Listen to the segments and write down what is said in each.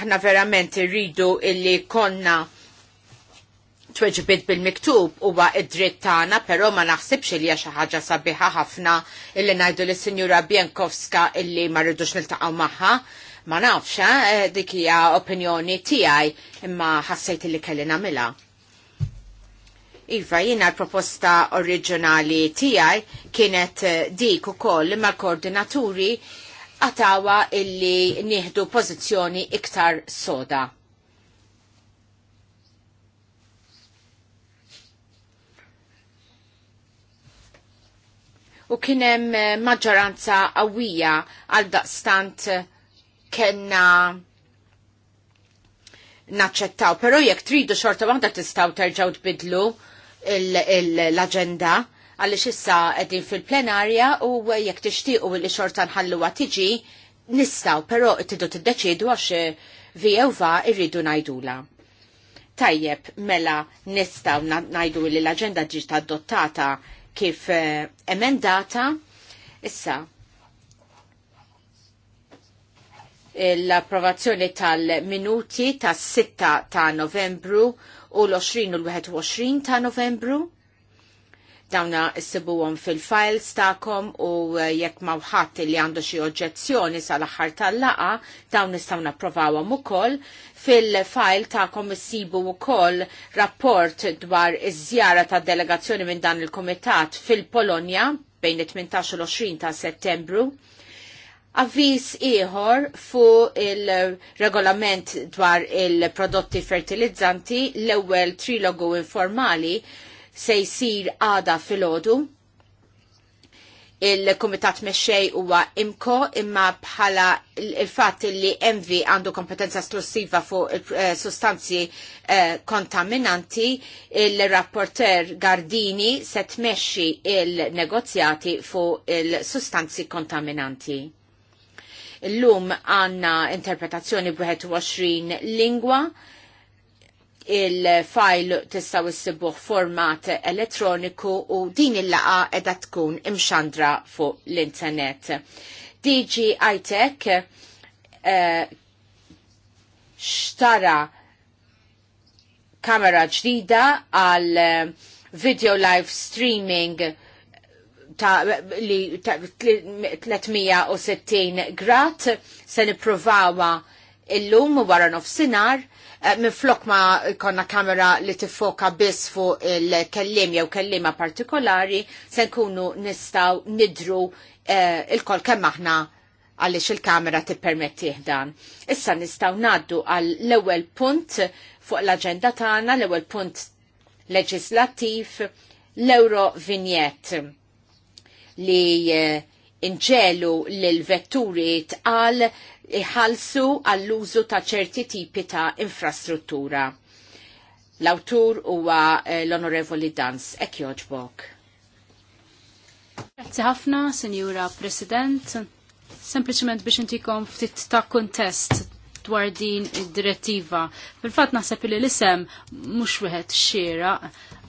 aħna verament irridu illi konna tweġbit bil-miktub huwa id-dritt tagħna, però ma naħsibx li hija xi ħaġa sabiħa ħafna illi ngħidu lis sinjura Bienkowska illi ma rridux niltaqgħu magħha. Ma nafx, eh, dik hija opinjoni tiegħi imma ħassejt li kelli nagħmilha. Iva, jina l-proposta oriġinali tiegħi kienet eh, dik ukoll imma l-koordinaturi għatawa illi nieħdu pozizjoni iktar soda. U kienem eh, maġġoranza għawija għal daqstant kena naċċettaw. Pero jekk tridu xorta waħda tistaw terġaw tbidlu l-agenda għaliex issa qegħdin fil-plenarja u jekk tixtiequ li xorta nħalluha tiġi nistaw, però tiddu t-deċidu għax eh, va irridu ngħidula. Tajjeb, mela nistaw ngħidu li l-aġenda ġiet adottata kif eh, emendata. Issa, l-approvazzjoni tal-minuti tas-6 ta' novembru u l-20 u l-21 ta' novembru dawna s għom fil-files ta'kom u eh, jekk mawħat li għandu xie oġġezzjoni sal aħħar tal-laqa, dawn nistaw naprovawom u koll. Fil-file ta'kom s-sibu u rapport dwar iż-żjara ta' delegazzjoni minn dan il-komitat fil-Polonja bejn 18 u 20 ta' settembru. Avvis ieħor fu il-regolament dwar il-prodotti fertilizzanti l-ewwel trilogu informali se jsir għada fil-ħodu. Il-Komitat Meċċej huwa imko imma bħala il-fatt li MV għandu kompetenza esklusiva fuq eh, sustanzi eh, kontaminanti, il-rapporter Gardini se tmexxi il-negozjati fuq il-sustanzi kontaminanti l-lum għanna interpretazzjoni b'21 lingwa il-fajl tistaw issibuħ format elettroniku u din il-laqa edha tkun imxandra fuq l-internet. DG iTech eh, xtara kamera ġdida għal eh, video live streaming ta' li 360 grad se niprovawa illum wara nofsinhar eh, minn flok ma konna kamera li tifoka biss fuq il-kellim jew kellima partikolari se nkunu nistaw nidru eh, il-kol kemm aħna għaliex il-kamera tippermettih dan. Issa nistaw naddu għal l-ewwel punt fuq l-aġenda tagħna, l-ewwel punt leġislattiv l-euro vignett li eh, inġelu l-vetturi tqal iħalsu għall-użu ta' ċerti tipi ta' infrastruttura. L-awtur huwa eh, l-Onorevoli Dans, ek joġbok. Grazzi ħafna, Senjura President. Sempliciment biex intikom ftit ta' kontest dwar din id-direttiva. Fil-fat naħseb li l-isem mhux wieħed xiera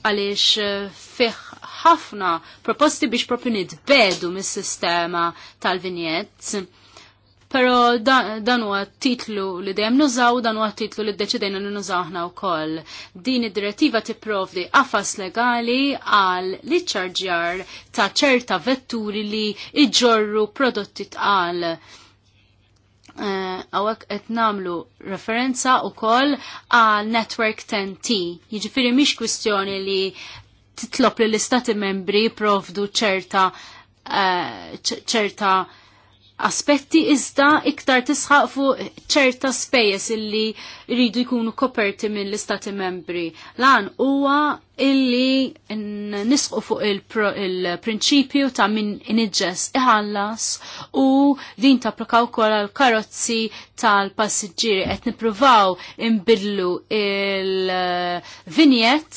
għaliex eh, fih ħafna proposti biex propju nitbedu mis-sistema tal-vinjett Pero dan huwa titlu li dejjem nużaw, dan huwa titlu li ddeċidejna li nużaw aħna wkoll. Din id-direttiva tipprovdi qafas legali għal liċċarġjar ta' ċerta vetturi li iġorru prodotti tqal. Eh, għawek uh, qed namlu referenza wkoll għal Network 10T. Jiġifieri mhix kwistjoni li titlob li l-istati membri provdu ċerta eh, ċerta uh, aspetti iżda iktar tisħaq fuq ċerta spejjeż illi rridu jkunu koperti mill-istati membri. Lan huwa illi nisqu fuq il-prinċipju ta' min iniġġess iħallas u din ta' prokaw kol karozzi tal-passiġġieri qed nippruvaw imbidlu il-vinjett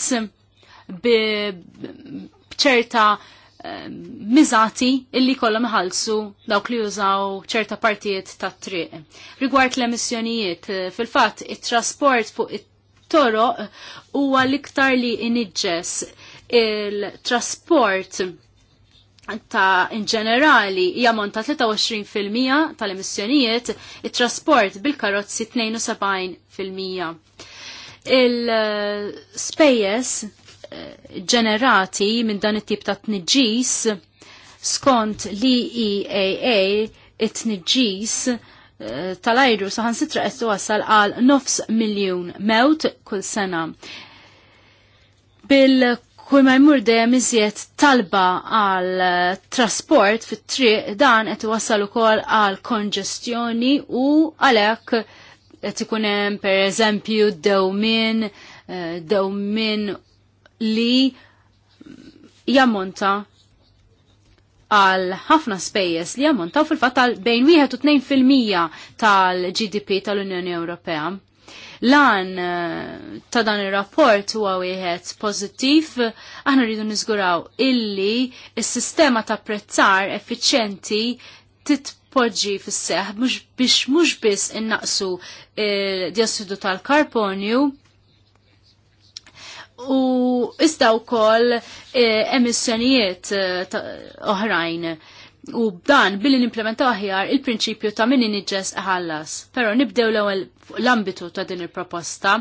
bċerta Ehm, miżati illi kollhom iħallsu dawk li jużaw ċerta partijiet tat triq. Rigward l-emissjonijiet, eh, fil-fatt it-trasport fuq it-toroq eh, huwa l-iktar li iniġġes il-trasport ta' in ġenerali jamont ta' 23% tal-emissjonijiet, it-trasport bil-karozzi 72%. Il-spejjes eh, ġenerati minn dan it-tip ta' tniġġis skont li EAA it-tniġġis eh, tal-ajru saħan sitra qed għassal għal nofs miljun mewt kull sena. Bil kull ma jmur dejjem iżjed talba għal eh, trasport fit-triq dan qed iwassal ukoll għal konġestjoni u għalhekk qed ikun hemm pereżempju dewmin eh, dewmin li jammonta għal ħafna spejjeż li u fil-fatt għal bejn wieħed u tnejn fil-mija tal-GDP tal-Unjoni Ewropea. Lan eh, ta' dan ir-rapport huwa wieħed pożittiv, aħna rridu niżguraw illi s-sistema ta' prezzar effiċjenti titpoġġi fis-seħ mhux biex mhux biss innaqsu eh, dijossidu tal-karbonju, u iżda wkoll eh, emissjonijiet eh, oħrajn. U b'dan billi nimplementaw aħjar il-prinċipju ta' min nġess ħallas. Però nibdew l-ewwel l-ambitu ta' din il-proposta.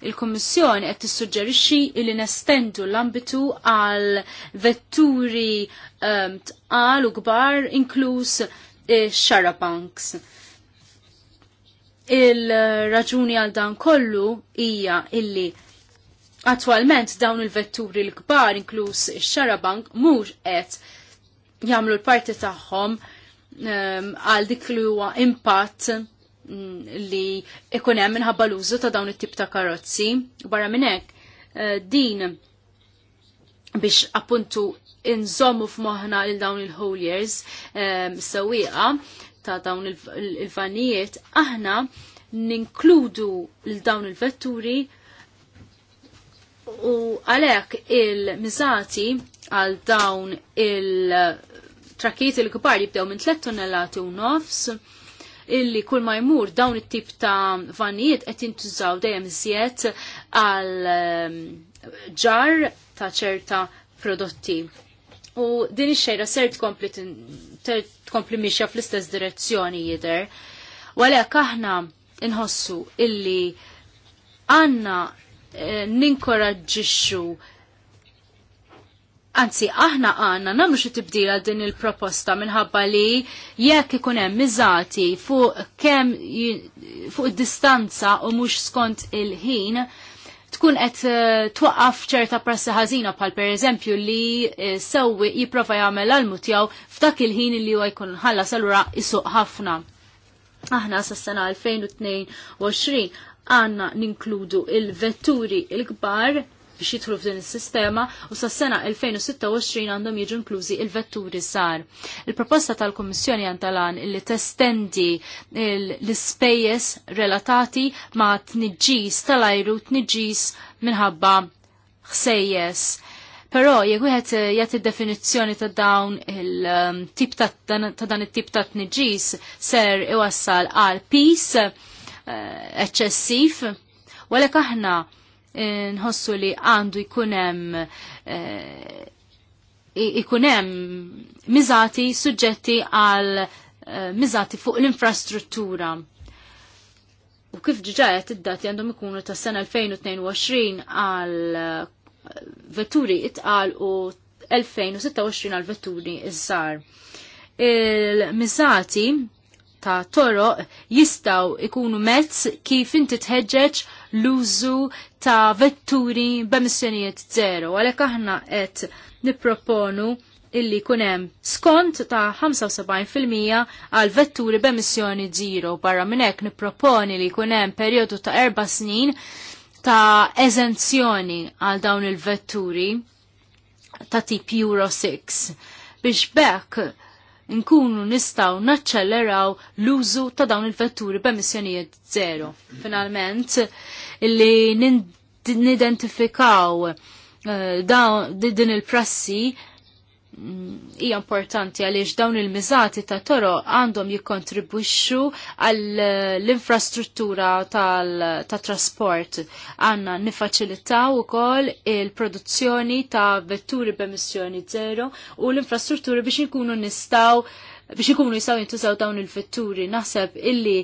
Il-Kummissjoni qed tissuġġerixxi li nestendu l-ambitu għal vetturi ehm, tqal u kbar inkluż xarabanks. Eh, Il-raġuni għal dan kollu hija illi Attualment dawn il-vetturi l-kbar, inkluż ix-xarabank, mhux qed jagħmlu l-parti tagħhom ehm, għal dik li huwa impatt mm, li ikun hemm minħabba l-użu ta' dawn it-tip ta' karozzi. Barra minn hekk eh, din biex appuntu inżommu f'moħħna lil dawn il-hauliers um, sewwieqa ta' dawn il-vanijiet, aħna ninkludu l-dawn il-vetturi U għalek il-mizati għal dawn il trakiet il-kbar jibdew minn 3 tonnellati u nofs illi kull ma jmur dawn it-tip ta' vanijiet qed jintużaw dejjem iżjed għal ehm, ġar ta' ċerta prodotti. U din ix-xejra ser tkompli tkompli mixja fl-istess direzzjoni jidher. Walek aħna inħossu illi għanna Eh, ninkoraġġixxu Anzi, aħna għanna namlu xi tibdila din il-proposta minħabba li jekk ikun hemm miżati fuq kemm fuq distanza u mhux skont il-ħin, tkun qed eh, twaqqaf ċerta prassi ħażina bħal pereżempju li eh, sewwi jipprova jagħmel għalmu tiegħu f'dak il-ħin li huwa jkun ħallas allura isuq ħafna. Aħna sas-sena 2022 għanna ninkludu il-vetturi il-kbar biex jitħlu f'din is-sistema u sas-sena 2026 għandhom jiġu inklużi il-vetturi sar. Il-proposta tal-Kummissjoni għantalan illi testendi l-ispejjeż relatati ma' tniġġis tal-ajru tniġġis minħabba ħsejjes. Però jekk wieħed jagħti definizzjoni ta' dawn il-tip um, ta' dan it-tip ta' tniġġis ser iwassal għal peace Eh, eċċessiv, għalek aħna eh, nħossu li għandu jkunem eh, jkunem mizati suġġetti għal mizati fuq l-infrastruttura. U kif ġiġajet id-dati għandhom ikunu ta' sena 2022 għal vetturi itqal u 2026 għal vetturi iż-żar. Il-mizati ta' toroq jistaw ikunu mezz kif inti tħeġġeġ l-użu ta' vetturi b'emissjonijiet zero. Għalhekk aħna qed nipproponu illi kunem skont ta' 75% għal vetturi b'emissjoni zero. Barra minn hekk nipproponi li kunem perjodu ta' erba' snin ta' eżenzjoni għal dawn il-vetturi ta' tip Euro 6 biex bekk nkunu nistaw naċċelleraw l-użu ta' dawn il-vetturi b'emissjonijiet zero. Finalment, li nidentifikaw uh, din il-prassi hija importanti għaliex dawn il-miżati ta' toro għandhom jikkontribwixxu għall-infrastruttura ta' trasport. Għandna nifaċilitaw ukoll il-produzzjoni ta' vetturi b'emissjoni zero u l-infrastrutturi biex nkunu nistaw biex ikunu jistaw jintużaw dawn il-vetturi, naħseb illi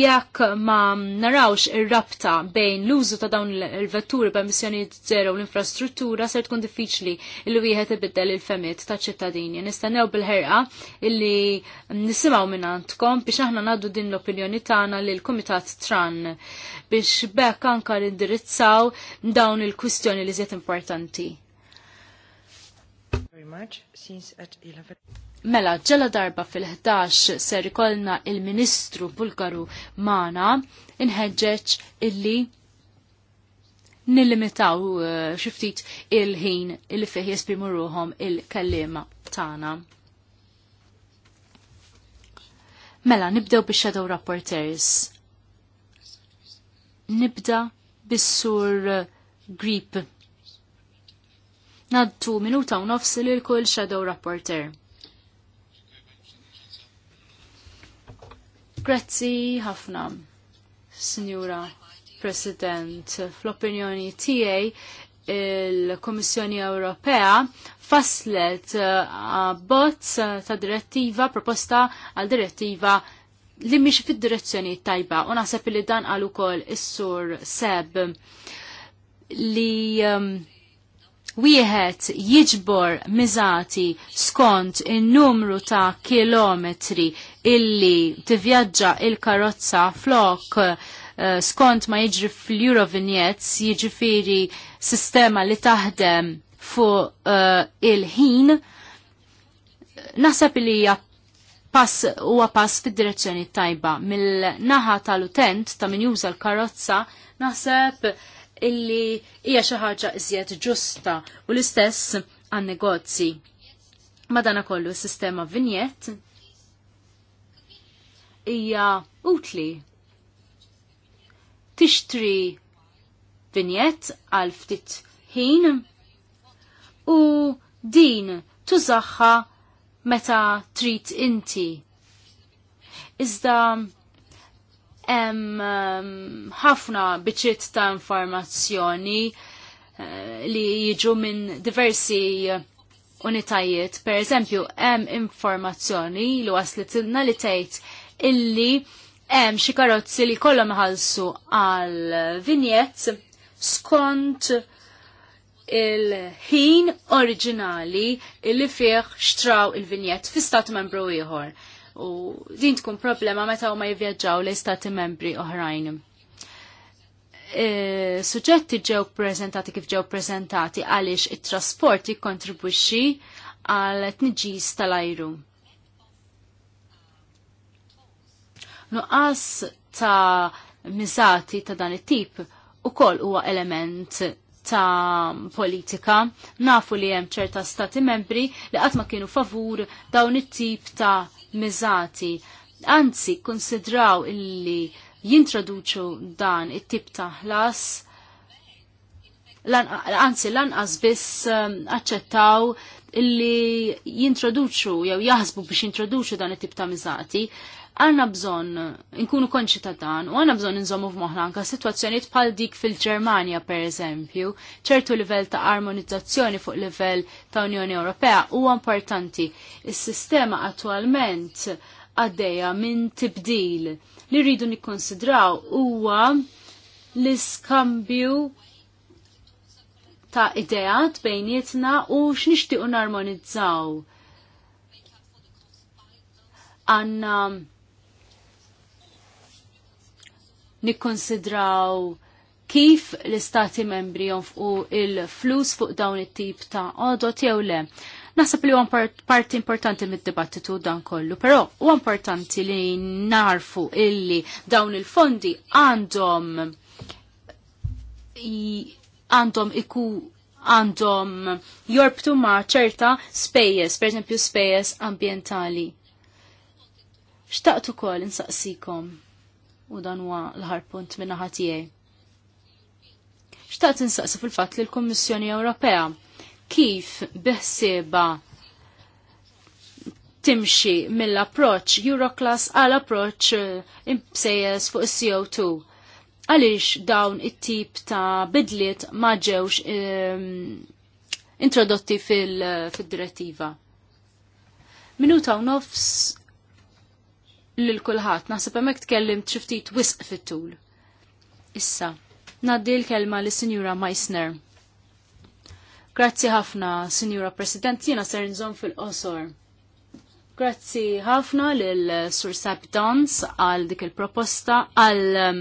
jekk ma narawx ir-rabta bejn l-użu ta' dawn il-vetturi b'emissjoni zero u l-infrastruttura ser tkun diffiċli illi wieħed ibiddel il-femiet ta' ċittadini. Nistennew bil-ħerqa illi nisimgħu minn għandkom biex aħna ngħaddu din l-opinjoni tagħna lil kumitat Tran biex bekk anka indirizzaw dawn il-kwistjoni li żiet importanti. Very much since at 11. Mela, ġela darba fil-11 ser ikolna il-Ministru Bulgaru Mana inħeġġeġ illi nillimitaw eh, xiftit il-ħin il fih jesprimu ruħom il-kallima tana. Mela, nibdew biex shadow rapporters. Nibda bis-sur eh, Grip. Naddu minuta u nofs li l-kull shadow rapporter. Grazzi ħafna, Signora President. Fl-opinjoni tiegħi il-Komissjoni Ewropea faslet uh, bozz ta' direttiva proposta għal direttiva li miex fid-direzzjoni tajba u naħseb li dan għal ukoll is-sur seb li um, wieħed jiġbor miżati skont in-numru ta' kilometri illi tivvjaġġa il-karozza flok uh, skont ma jiġri fl-Eurovignettes jiġifieri sistema li taħdem fuq uh, il-ħin naħseb li pass huwa pass fid-direzzjoni tajba mill-naħa tal-utent ta' min juża l-karozza naħseb illi hija xi ħaġa iżjed ġusta u l-istess għan negozji. Madana kollu sistema vinjet hija utli. Tixtri vinjet għal ftit ħin u din tużaħħa meta trid inti. Iżda hemm ħafna biċiet ta' informazzjoni eh, li jiġu minn diversi unitajiet. Per eżempju, hemm informazzjoni li waslitilna li tgħid illi hemm xi karozzi li kollhom iħallsu għal vinjet skont il-ħin oriġinali illi fih xtraw il-vinjett fi stat membru ieħor u din tkun problema meta huma jivvjaġġaw l istati membri oħrajn. E, Suġġetti ġew prezentati kif ġew prezentati għaliex it-trasport jikkontribwixxi għal tniġis tal-ajru. Nuqqas ta' miżati ta' dan it-tip ukoll huwa element ta' politika. Nafu li hemm ċerta stati membri li qatt ma kienu favur dawn it-tip ta' mizati, Anzi, konsidraw illi jintroduċu dan it-tip ta' ħlas, anzi lanqas biss um, aċċettaw illi jintroduċu jew jaħsbu biex jintroduċu dan it-tip ta' miżati Għanna bżon nkunu konċi ta' dan u għanna bżon nżommu f'moħna anka situazzjoniet bħal dik fil-Ġermanja per eżempju, ċertu livell ta' armonizzazzjoni fuq livell ta' Unjoni Ewropea huwa importanti. Is-sistema attualment għaddeja minn tibdil li rridu nikkonsidraw huwa l-iskambju ta' ideat bejnietna u x'nixtiequ narmonizzaw. Għanna nikkonsidraw kif l-istati membri jonfqu il-flus fuq dawn it-tip ta' għodot jew le. Nasab li huwa parti importanti mid-dibattitu dan kollu, però huwa importanti li narfu illi dawn il-fondi għandhom għandhom iku għandhom jorbtu ma' ċerta spejjeż, esempio spejjeż ambjentali. Xtaqtu kol insaqsikom u dan huwa l ħarpunt minn naħa tiegħi. Xtaqt insaqsi fil-fatt li l-Kummissjoni Ewropea kif biħsieba timxi mill-approċ Euroclass għal approċ eh, imsejjes fuq is-CO2. Għaliex dawn it-tip ta' bidliet ma ġewx ehm, introdotti eh, fil-direttiva. Minuta u nofs lil kulħadd. Naħseb hemmhekk tkellimt xi ftit wisq fit-tul. Issa, ngħaddi l-kelma li sinjura Meissner. Grazzi ħafna, Sinjura President, jiena ser nżomm fil-qosor. Grazzi ħafna lil Sur Sab għal dik il-proposta, għal um,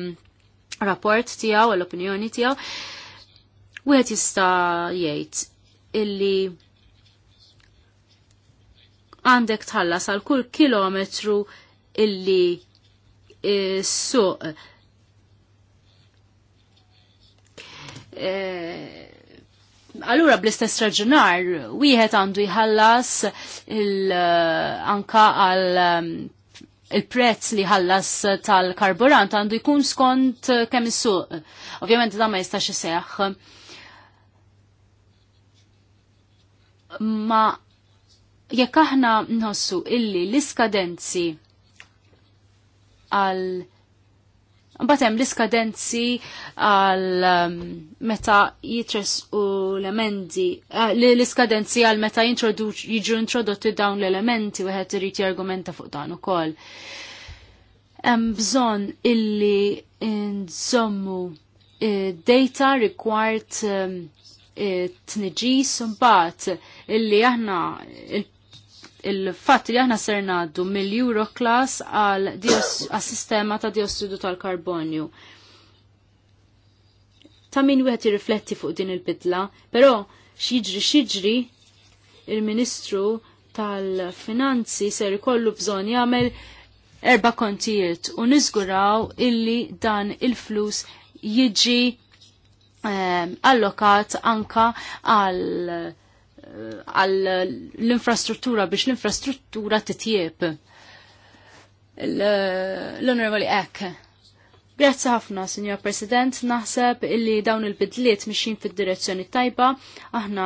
rapport tiegħu, għall opinjoni tiegħu. Wieħed jista' jgħid illi għandek tħallas għal kull kilometru illi eh, suq eh, Allura bl-istess raġunar, wieħed għandu jħallas eh, anka għal il-prezz li ħallas tal-karburant għandu jkun skont kemm is-suq. Ovvjament da ma jistax iseħħ. Ma jekk aħna nħossu illi l-iskadenzi għal Batem um, eh, l-iskadenzi għal meta jitres u l emendi l-iskadenzi għal meta jiġu introdotti dawn l-elementi u għed rriti jargumenta fuq dan u koll. Bżon illi nżommu eh, data required t-nġis un illi aħna il il-fatt li aħna ser naddu mill-Euro class għal sistema ta' diossidu tal-karbonju. Ta' min wieħed jirrifletti fuq din il-bidla, però xiġri xiġri il-Ministru tal-Finanzi ser ikollu bżonn jagħmel erba kontijiet u niżguraw illi dan il-flus jiġi eh, allokat anka għal għall-infrastruttura biex l-infrastruttura titjieb. l onorevoli Ek. Grazzi ħafna, Signor President, naħseb illi dawn il-bidliet mixin fil direzzjoni tajba, aħna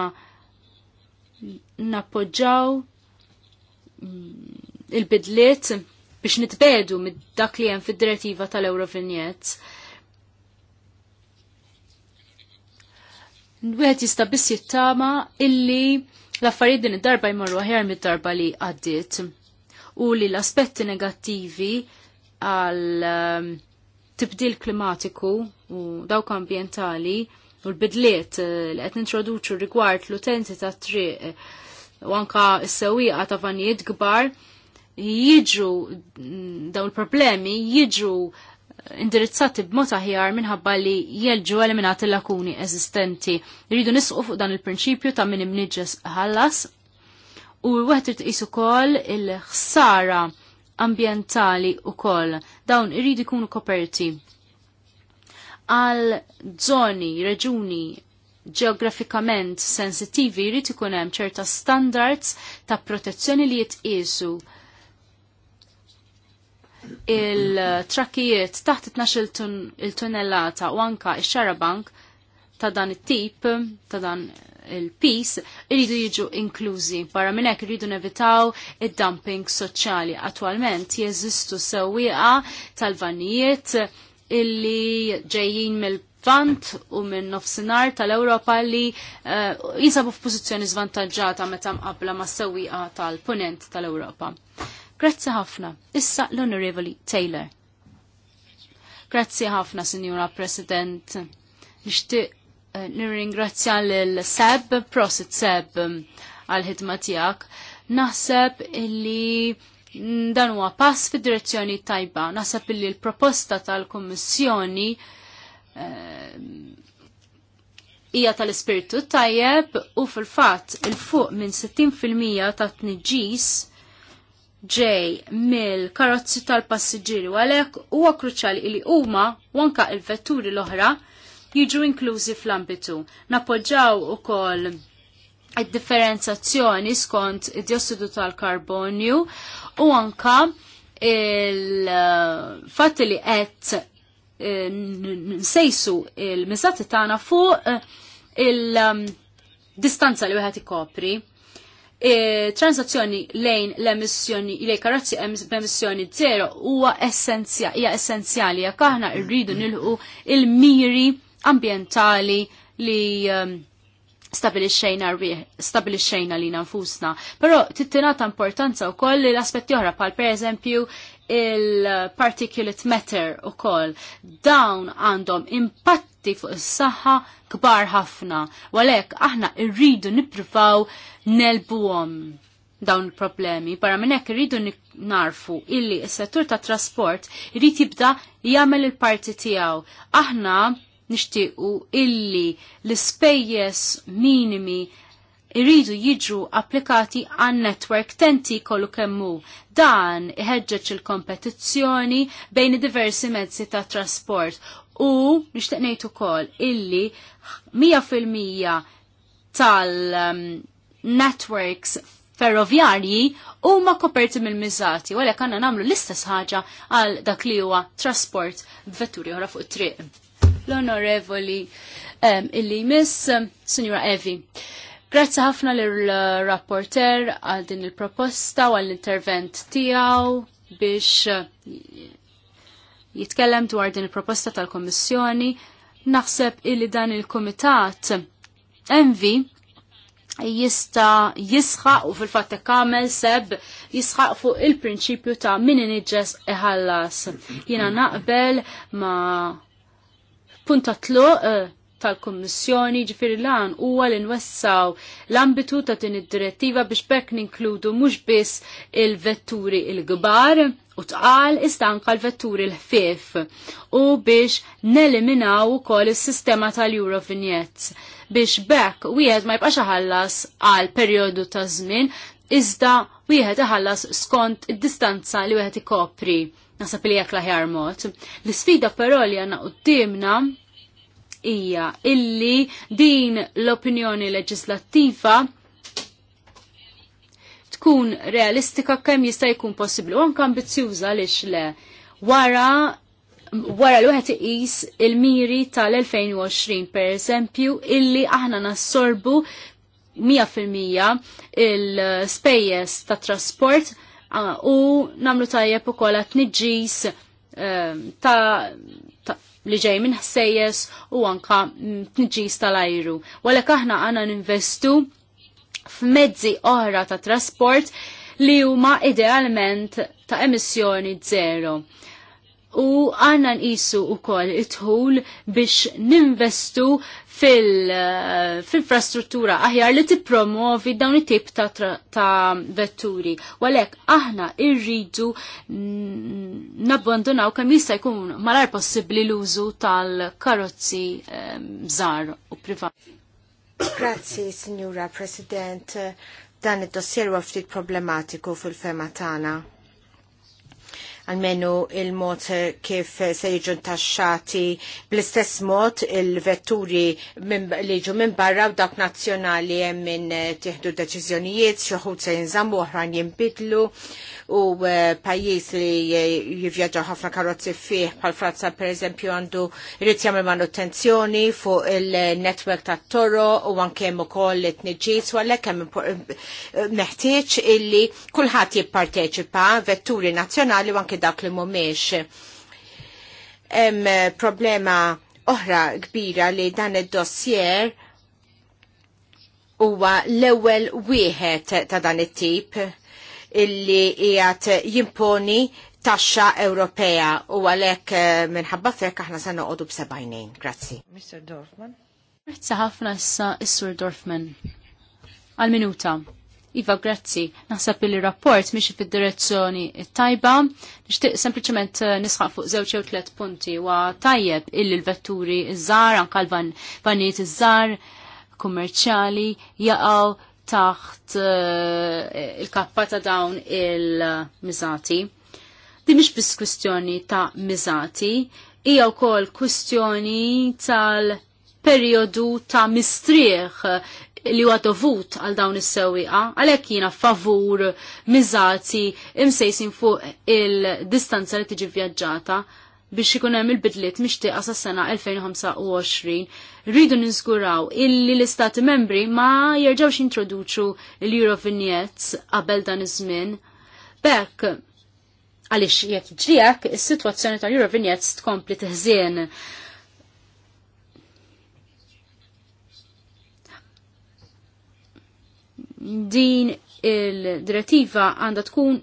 nappoġġaw mm, il-bidliet biex nitbedu mid dak li hemm fid-direttiva tal-Eurovignettes Nwet jista biss jittama illi l-affarijiet din id-darba jmorru aħjar mid-darba li għaddiet u li l-aspetti negattivi għal ehm, tibdil klimatiku u dawk ambientali u l-bidliet eh, li qed nintroduċu rigward l-utenti ta' triq eh, u anka s-sewwieqa ta' vanijiet kbar jiġu mm, dawn il-problemi jiġu indirizzati b'mod aħjar minħabba li jelġu eliminati l-lakuni eżistenti. Rridu nisqu fuq dan il-prinċipju ta' min imniġġes ħallas u wieħed irid tqisu koll il-ħsara ambjentali koll. dawn irridu jkunu koperti għal żoni, reġuni ġeografikament sensitivi jrid ikun hemm ċerta standards ta' protezzjoni li jitqisu il-trakkijiet taħt itnax il-tunnellata u anka il-xarabank ta' dan it-tip, ta' dan il-pis, irridu jiġu inklużi. Barra minn hekk irridu nevitaw id-dumping soċjali. Attualment jeżistu sewwieqa tal-vanijiet illi ġejjin mill vant u minn nofsinar tal-Europa li uh, jinsabu f'pożizzjoni zvantagġata meta mqabla ma' sewwieqa tal-punent tal-Europa. Grazzi ħafna. Issa l-Onorevoli Taylor. Grazzi ħafna, Signora President. Nishtiq eh, nirringrazzja l-Seb, prosit Seb għal-ħidma tijak. Naħseb illi dan huwa pass fi direzzjoni tajba. Naħseb illi l-proposta tal-Kommissjoni eh, hija tal-ispirtu tajjeb u fil-fatt il-fuq minn 60% ta' Tniġis ġej mill-karozzi tal-passiġġieri u għalhekk huwa kruċjali li huma u anke l-vetturi l-oħra jiġu inklużi fl-ambitu. Napoġġaw ukoll id-differenzazzjoni skont id-diossidu tal-karbonju u anka il-fatt li qed eh, nsejsu il-miżati tagħna fuq eh, il-distanza um, li wieħed ikopri. E, transazzjoni lejn l-emissjoni, lejn karozzi b'emissjoni zero huwa essenzjali, hija essenzjali jekk aħna rridu nilħu il-miri ambientali li um, stabilixxejna rrieħ, stabilixxejna li nfusna. Però tittinata importanza wkoll li l-aspetti oħra pal pereżempju il-particulate matter ukoll dawn għandhom impatti fuq is-saħħa kbar ħafna. Walek aħna rridu nippruvaw nelbuhom dawn il-problemi. Barra minn hekk irridu narfu illi s-settur tat trasport irid jibda jagħmel il-parti tiegħu. Aħna nixtiequ illi l-ispejjeż minimi irridu jiġu applikati għan network tenti kollu kemmu. Dan iħeġġeġ il-kompetizzjoni bejn diversi mezzi ta' trasport u nixtieq ngħid ukoll illi 100% tal-networks u huma koperti mill-miżati, u għalhekk għandna nagħmlu l-istess ħaġa għal dak li huwa trasport vetturi oħra fuq it-triq l-onorevoli um, illi miss um, Signora Evi. Grazzi ħafna l-rapporter għal din il-proposta u għall intervent tijaw biex eh, jitkellem dwar din il-proposta tal-Komissjoni. Naħseb illi dan il-Komitat Envi jista jisħaq u fil-fatt kamel seb jisħaq fuq il-prinċipju ta' min inġess iħallas. Jina naqbel ma' punta tluq eh, tal-Kommissjoni ġifiri lan huwa li nwessaw l-ambitu ta' din id-direttiva biex bekk ninkludu mhux biss il-vetturi il-gbar u tqal istanka l-vetturi l-ħfief u biex neliminaw ukoll is-sistema tal-Eurovignettes biex bekk wieħed ma jibqax ħallas għal perjodu ta' żmien iżda wieħed iħallas skont id-distanza li wieħed ikopri Nasab li jek laħjar mod. L-sfida però li għanna qoddimna hija illi din l-opinjoni leġislattiva tkun realistika kemm jista' jkun possibbli u anke ambizzjuża għaliex le wara wara l-wieħed iqis il-miri tal-2020 per eżempju illi aħna nassorbu 100% il-spejjeż ta' trasport Ah, u namlu tajjeb ukoll għat nġis ehm, ta' li ġej minn ħsejjes u anka mm, tniġis tal-ajru. Walek aħna għana ninvestu f'mezzi oħra ta' trasport li huma idealment ta' emissjoni zero. U għanna nqisu u koll it-tħul biex ninvestu Eh, fil-infrastruttura aħjar li tippromovi dawn it-tip ta', ta vetturi. Walek aħna irridu nabbandonaw kemm jista' jkun malar possibbli l-użu tal-karozzi eh, żgħar u privati. Grazzi, Signora President. Dan id-dossier huwa ftit problematiku fil-fema tagħna għalmenu il-mod kif se jiġu ntaxxati bl-istess mod il-vetturi li ġu minn barra u dak nazzjonali hemm minn eh, tieħdu deċiżjonijiet, xi wħud se jinżammu oħrajn jinbidlu u eh, pajjiż li eh, jivvjaġġaw ħafna karozzi fih bħal Franza pereżempju għandu jrid jagħmel manutenzjoni fuq il-netwerk tat-toro u anke hemm ukoll it-tniġġis u għalhekk hemm meħtieġ illi kulħadd jipparteċipa vetturi nazzjonali u anke dak li mhumiex. Hemm eh, problema oħra kbira li dan id-dossier huwa l-ewwel wieħed ta' dan it-tip illi qiegħed jimponi taxxa Ewropea u għalhekk eh, minħabba fek aħna se noqogħdu b'sebgħinejn. Grazzi. Mr. Dorfman. Grazzi ħafna issa is-Sur Dorfman. Għal minuta. Iva, grazzi. Naħseb li rapport miexi fid-direzzjoni tajba. Nixtieq sempliċement eh, nisħaq fuq żewġ jew tliet punti wa tajjeb illi l-vetturi iż-żar, anke l iż-żar kummerċjali jaqgħu taħt eh, il-kappa ta' dawn il-miżati. Di miex bis kwistjoni ta' miżati, hija wkoll kwistjoni tal-periodu ta' mistrieħ li huwa dovut għal dawn is-sewwieqa, għalhekk jiena favur miżati imsejsin fuq il-distanza li tiġi vjaġġata biex ikun hemm il-bidliet mixtieqa s sena 2025. Rridu niżguraw illi l-istati membri ma jerġgħux introduċu l-Eurovignettes qabel dan iż-żmien. Bekk għaliex jekk ġrijak, is-sitwazzjoni tal-Eurovignettes tkompli tiħżien. din il-direttiva għandha tkun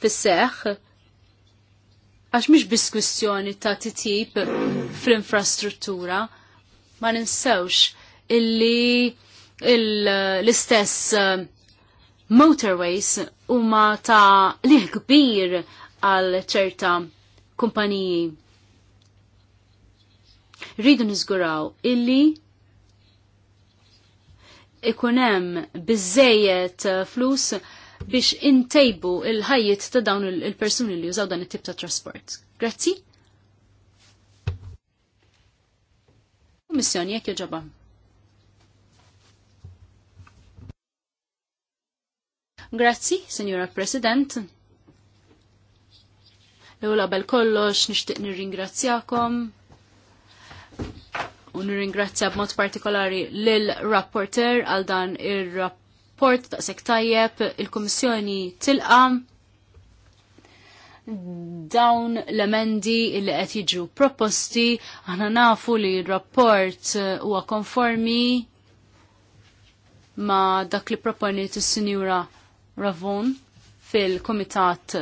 fis għax mhix biss kwistjoni ta' titjib fl-infrastruttura ma ninsewx illi l-istess uh, motorways huma ta' liħ kbir għal ċerta kumpaniji. Rridu niżguraw illi ikunem bizzejet eh, flus biex intejbu il-ħajjiet ta' dawn il-persuni li jużaw dan it-tip ta' trasport. Grazzi. Kommissjoni jekk joġaba. Grazzi, Signora President. L-ewwel qabel kollox nixtieq nirringrazzjakom u nirringrazzja b'mod partikolari lill-rapporter għal dan ir-rapport ta' sektajjeb il-Kummissjoni tilqa dawn l-emendi li qed jiġu proposti, aħna nafu li r-rapport huwa konformi ma' dak li proponiet is-Sinjura Ravon fil-Komitat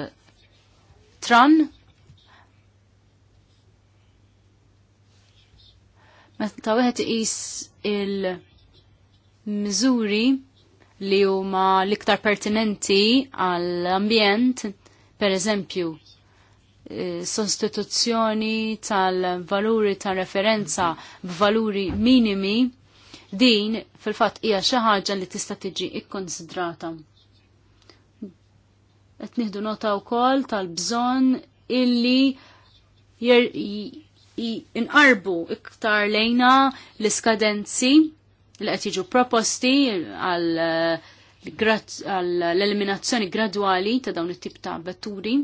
Tran meta wieħed iqis il-miżuri li huma l-iktar pertinenti għall-ambjent, per eżempju, eh, sostituzzjoni tal-valuri ta' referenza b'valuri minimi, din fil-fatt hija xi ħaġa li tista' tiġi ikkonsidrata. Qed nieħdu nota wkoll tal-bżonn illi inqarbu iktar lejna l-iskadenzi li qed jiġu proposti għall-eliminazzjoni eh, gradwali ta' dawn it-tip ta' vetturi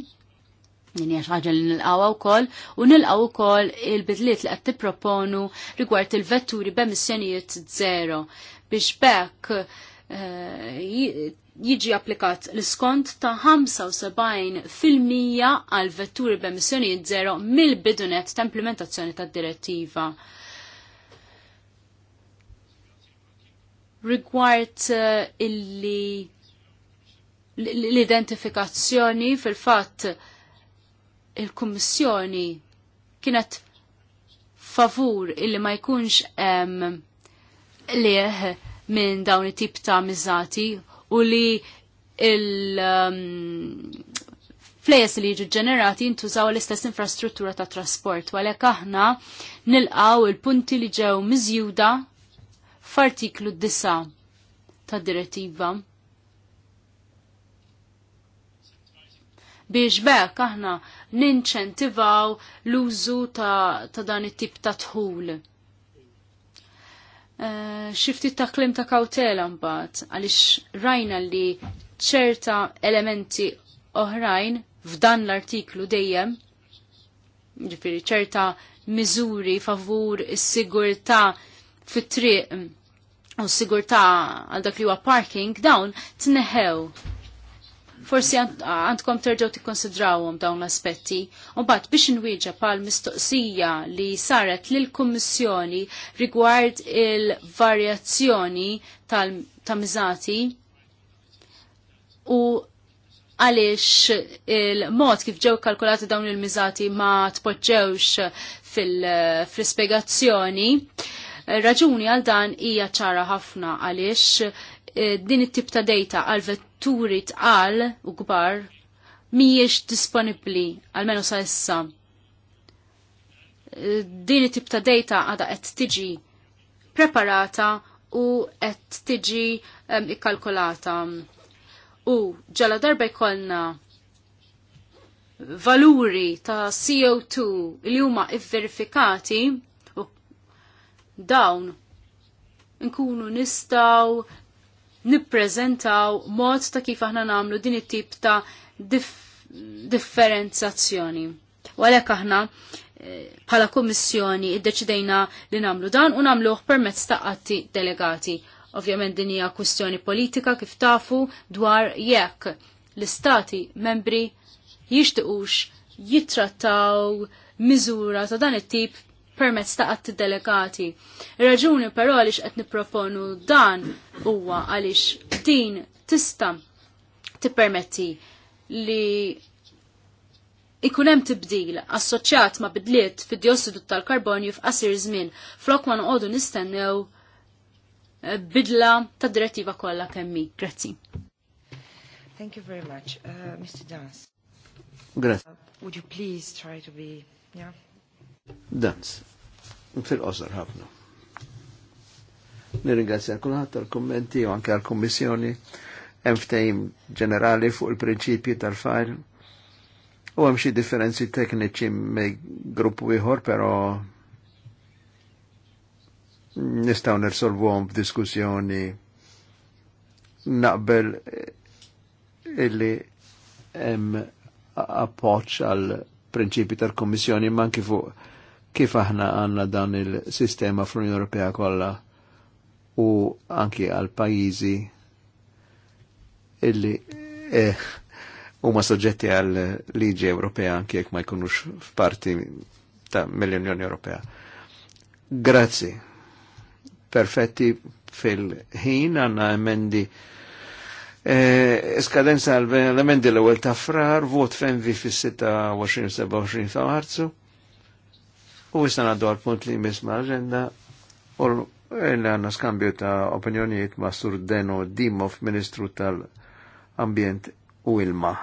Nini għax ħagġa li nil-qawa u koll, u nil-qawa u koll il-bidliet li għed tipproponu rigward il-vetturi b'emissjonijiet zero biex bekk eh, jiġi applikat l-skont ta' 75% għal vetturi b'emissjonijiet zero mill-bidunet ta' implementazzjoni ta' direttiva. Rigward eh, illi l-identifikazzjoni fil-fatt il-Kummissjoni kienet favur illi ma jkunx um, ehm, liħ minn dawn it-tip ta' mizzati u li il um, flejes li jiġu ġenerati jintużaw l-istess infrastruttura ta' trasport, għalhekk aħna nilqaw il-punti li ġew miżjuda f'artiklu 9 ta' direttiva. biex bekk aħna ninċentivaw l-użu ta', ta dan it-tip ta' tħul Eh, xifti ta' klim ta' kautela mbagħad għaliex rajna li ċerta elementi oħrajn f'dan l-artiklu dejjem ġifiri ċerta miżuri favur is-sigurtà fit-triq u s-sigurtà għal dak li huwa parking dawn tneħħew forsi għandkom terġaw tikkonsidrawhom dawn l-aspetti. Mbagħad biex inwieġa pal mistoqsija li saret lil kummissjoni rigward il-varjazzjoni tal-tamizati u għaliex il-mod kif ġew kalkulati dawn il-miżati ma tpoġġewx fil-spiegazzjoni. Raġuni għal dan hija ċara ħafna għaliex Eh, din it-tip ta' data għal vetturi tqal u kbar mhijiex disponibbli għalmenu sa' issa. Eh, din it-tip ta' data għadha qed tiġi preparata u qed tiġi ikkalkolata. U ġala darba jkollna valuri ta' CO2 li huma verifikati dawn nkunu nistaw nippreżentaw mod ta' kif aħna nagħmlu din it-tip ta' dif differenzazzjoni. U għalhekk aħna eh, bħala kummissjoni id-deċidejna li nagħmlu dan u nagħmluh permezz ta' atti delegati. Ovvjament din hija kwistjoni politika kif tafu dwar jekk l-istati membri jixtiqux jittrattaw miżura ta' dan it-tip permezz ta' għatt delegati. Raġuni però għalix qed niproponu dan huwa għalix din tista tippermetti li ikun hemm tibdil assoċjat ma' bidliet fid-diossidu tal-karbonju f'qasir żmien flok ma noqogħdu nistennew eh, bidla tad direttiva kollha kemmi. Grazzi. Thank you very much, uh, Mr. Dance. Grazie. Uh, would you please try to be, yeah? Dance fil-qosor ħafna. Nirringrazzja kulħadd tal-kummenti u anke għall-Kummissjoni hemm ftehim ġenerali fuq il-prinċipji tal-fajl u hemm xi differenzi tekniċi me gruppu ieħor, però nistgħu nirsolvuhom f'diskussjoni naqbel illi hemm appoġġ għal prinċipji tal-Kommissjoni manki fuq kif aħna għanna dan il-sistema fl-Unjoni Ewropea kollha u anki għal pajjiżi illi eh, huma soġġetti għal liġi Ewropea anki jekk ma jkunux f'parti ta' mill-Unjoni Ewropea. Grazzi. Perfetti fil-ħin għanna emendi eh, Eskadenza skadenza l-emendi l-ewel ta' frar, vot fenvi fis-26-27 ta' marzu U issa għaddu għal-punt li jmiss ma' agenda u għanna skambju ta' opinjonijiet ma' Sur Deno Dimov, Ministru tal-Ambjent u il-Ma'.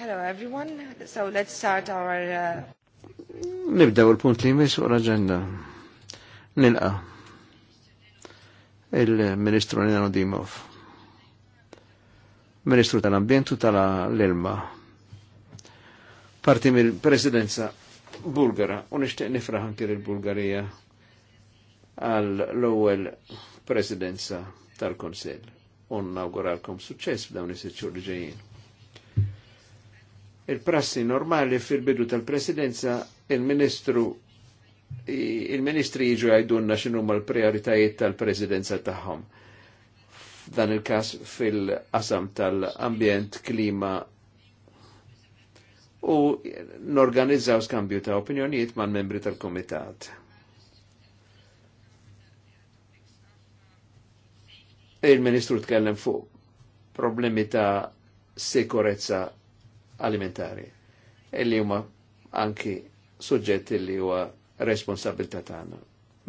Hello everyone, so let's start our... Uh... Nibdew il-punt li jmiss fuq l-agenda. Nilqa il-Ministru Nino Dimov. Ministru tal-Ambjentu tal-Ilma. Parti mill-Presidenza Bulgara, u nixtieq nifraħ anke il-Bulgarija għal l-ewwel Presidenza tal-Konsell. Un nawguralkom suċċess f'dawn is sitxur xhur li ġejjin. Il-prassi normali fil-bidu tal-presidenza il-ministru il-ministri jiġu għajdunna ma l-prioritajiet tal-presidenza tagħhom. Dan il-każ fil-qasam tal-ambjent, klima u norganizzaw skambju ta' opinjonijiet mal-membri tal-komitat. il-ministru tkellem fuq problemi ta' sikurezza alimentari, illi huma anki suġġetti li huwa responsabilità tagħna.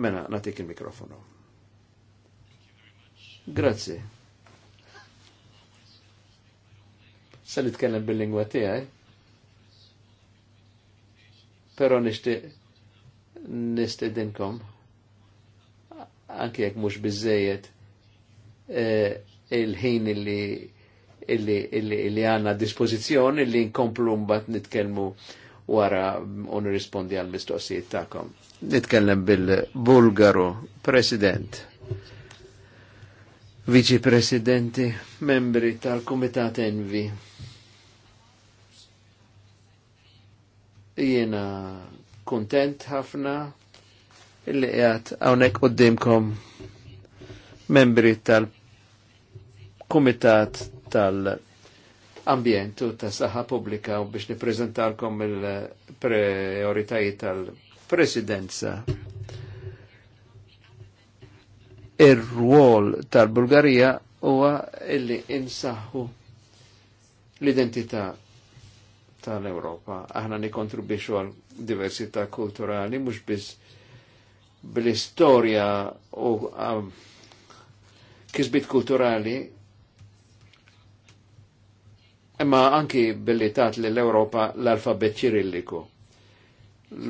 Mena natik il-mikrofonu. Grazzi. Se nitkellem bil-lingwa tiegħi, però nixtieq nistedinkom anke jekk mhux biżejjed eh, il-ħin illi illi għanna dispozizjoni illi nkomplu mbat nitkelmu wara u nirrispondi għal mistoqsijiet ta'kom. Nitkellem bil-Bulgaru, President, Viċi Presidenti, membri tal-Kumitat Envi. Jena kontent ħafna illi għat għawnek u membri tal-Kumitat tal-ambjent u saħħa pubblika u biex niprezentalkom il-prioritajiet tal-presidenza. Ir-rwol tal-Bulgarija huwa illi insaħħu l-identità tal ewropa Aħna nikontribwixxu għal diversità kulturali, mhux biss bl istorja u um, kisbit kulturali, imma anki billi tat l-Europa l-alfabet ċirilliku.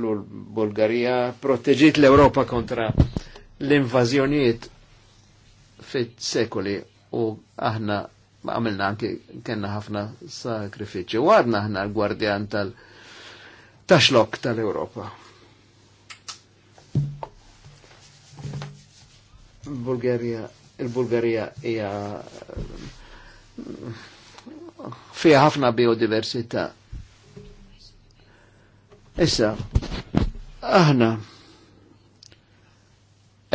L-Bulgarija proteġit l-Europa kontra l invazjoniet fit-sekoli u aħna għamilna anki kena ħafna sakrifiċi. U għadna aħna l-gwardjan tal-taxlok tal-Europa. Bulgarija, il-Bulgarija hija fi ħafna biodiversità. Issa, aħna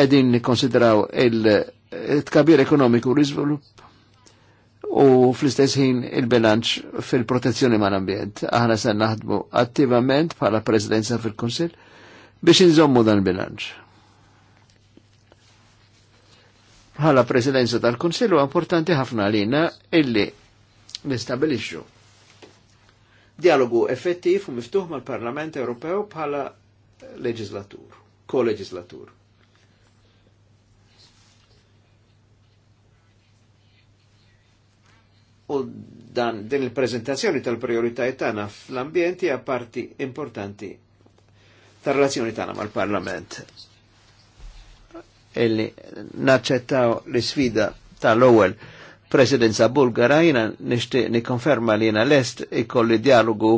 edin nikonsidraw il-tkabir ekonomiku rizvolup u fl-istess ħin il-bilanċ fil-protezzjoni mal-ambjent. Aħna se naħdmu attivament bħala presidenza fil-Konsil biex inżommu dan il-bilanċ. Bħala presidenza tal-Konsil u importanti ħafna lina illi nistabilixxu. Dialogu effettiv u miftuħ mal-Parlament Ewropew bħala leġislatur, ko-leġislatur. U dan din il-prezentazzjoni tal-prioritajiet tagħna fl-ambjent hija parti importanti tar-relazzjoni tagħna mal-Parlament. Illi naċċettaw l-isfida tal-ewwel presidenza bulgara jina nishtiq nikonferma li jina lest ikolli dialogu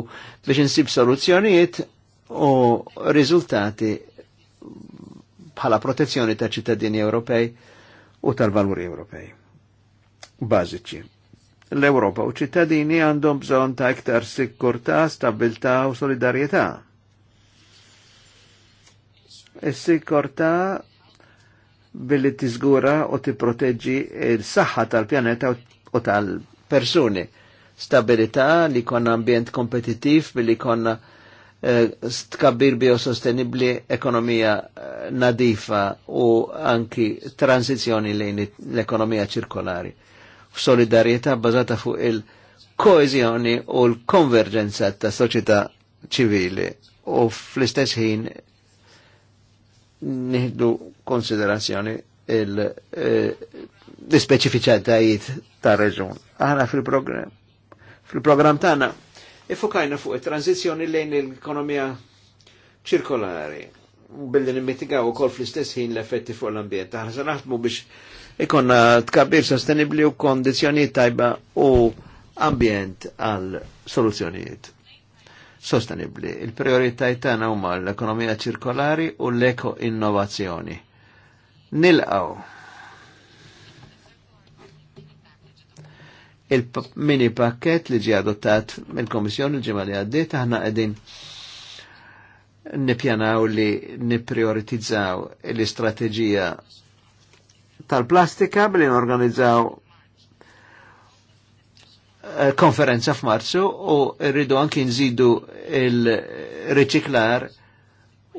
biex nsib soluzzjonijiet u rizultati bħala protezzjoni ta' ċittadini Ewropej u tal-valuri Ewropej. Bażiċi. L-Ewropa u ċittadini għandhom bżon ta' iktar sikurta, stabilità u solidarieta. is e sikurta billi tiżgura u tipproteġġi il saħħa tal-pjaneta u tal-persuni. Stabilità li konna ambjent kompetitiv billi konna eh, tkabbir biosostenibli ekonomija eh, nadifa u anki transizjoni lejn l-ekonomija ċirkolari. Solidarieta bazata fuq il-koezjoni u l-konverġenza ta' soċjetà ċivili u fl-istess ħin nieħdu konsiderazzjoni eh, l-speċifiċatajiet ta' reġun. Aħna fil-programm fil-programm tagħna ifukajna fuq it-tranzizzjoni lejn l-ekonomija ċirkolari billi nimmitigaw ukoll fl-istess ħin l-effetti fuq l-ambjent. Aħna se naħdmu biex ikonna tkabbir sostenibli u kondizjoni tajba u ambjent għal soluzzjonijiet sostenibli. Il-prioritajt tagħna huma l-ekonomija ċirkolari u l-eko innovazzjoni. Nilqaw il-mini pakket li ġi adottat mill-Komissjoni l-ġimgħa li għaddiet aħna qegħdin nippjanaw li nipprioritizzaw l-istrateġija tal-plastika billi norganizzaw Eh, konferenza f'Marzu u rridu anki nżidu il-riċiklar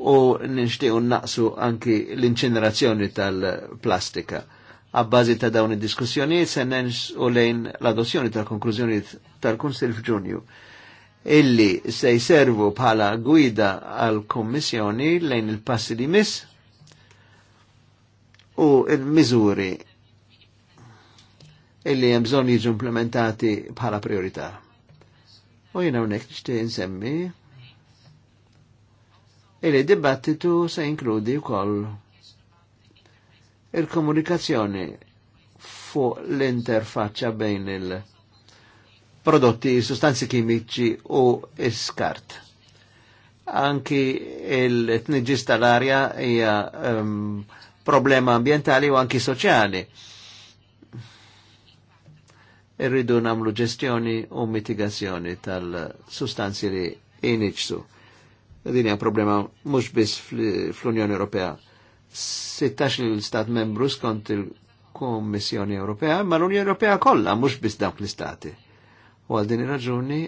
u nixtiequ naqsu anki l inċenerazzjoni tal-plastika. Abbażi ta' dawn id-diskussjonijiet se u lejn l-adozzjoni tal konklużjoni tal-Kunsil f'Ġunju illi se jservu bħala gwida għal kommissjoni lejn il-passi li miss u il-miżuri illi hemm bżonn jiġu implementati bħala priorità. U jiena hawnhekk nixtieq insemmi illi dibattitu se inkludi wkoll il-komunikazzjoni fuq l-interfaċċa bejn il-prodotti sostanzi kimiċi u iskart. Anki il tniġista l arja hija um, problema ambientali u anki soċjali irridu namlu ġestjoni u mitigazzjoni tal-sustanzi li iniċsu. Din hija problema mhux biss fl-Unjoni Ewropea. 16 l-Stat membru skont il-Kommissjoni Ewropea, ma l-Unjoni Ewropea kollha mhux biss dawk l-istati. U għal din ir-raġuni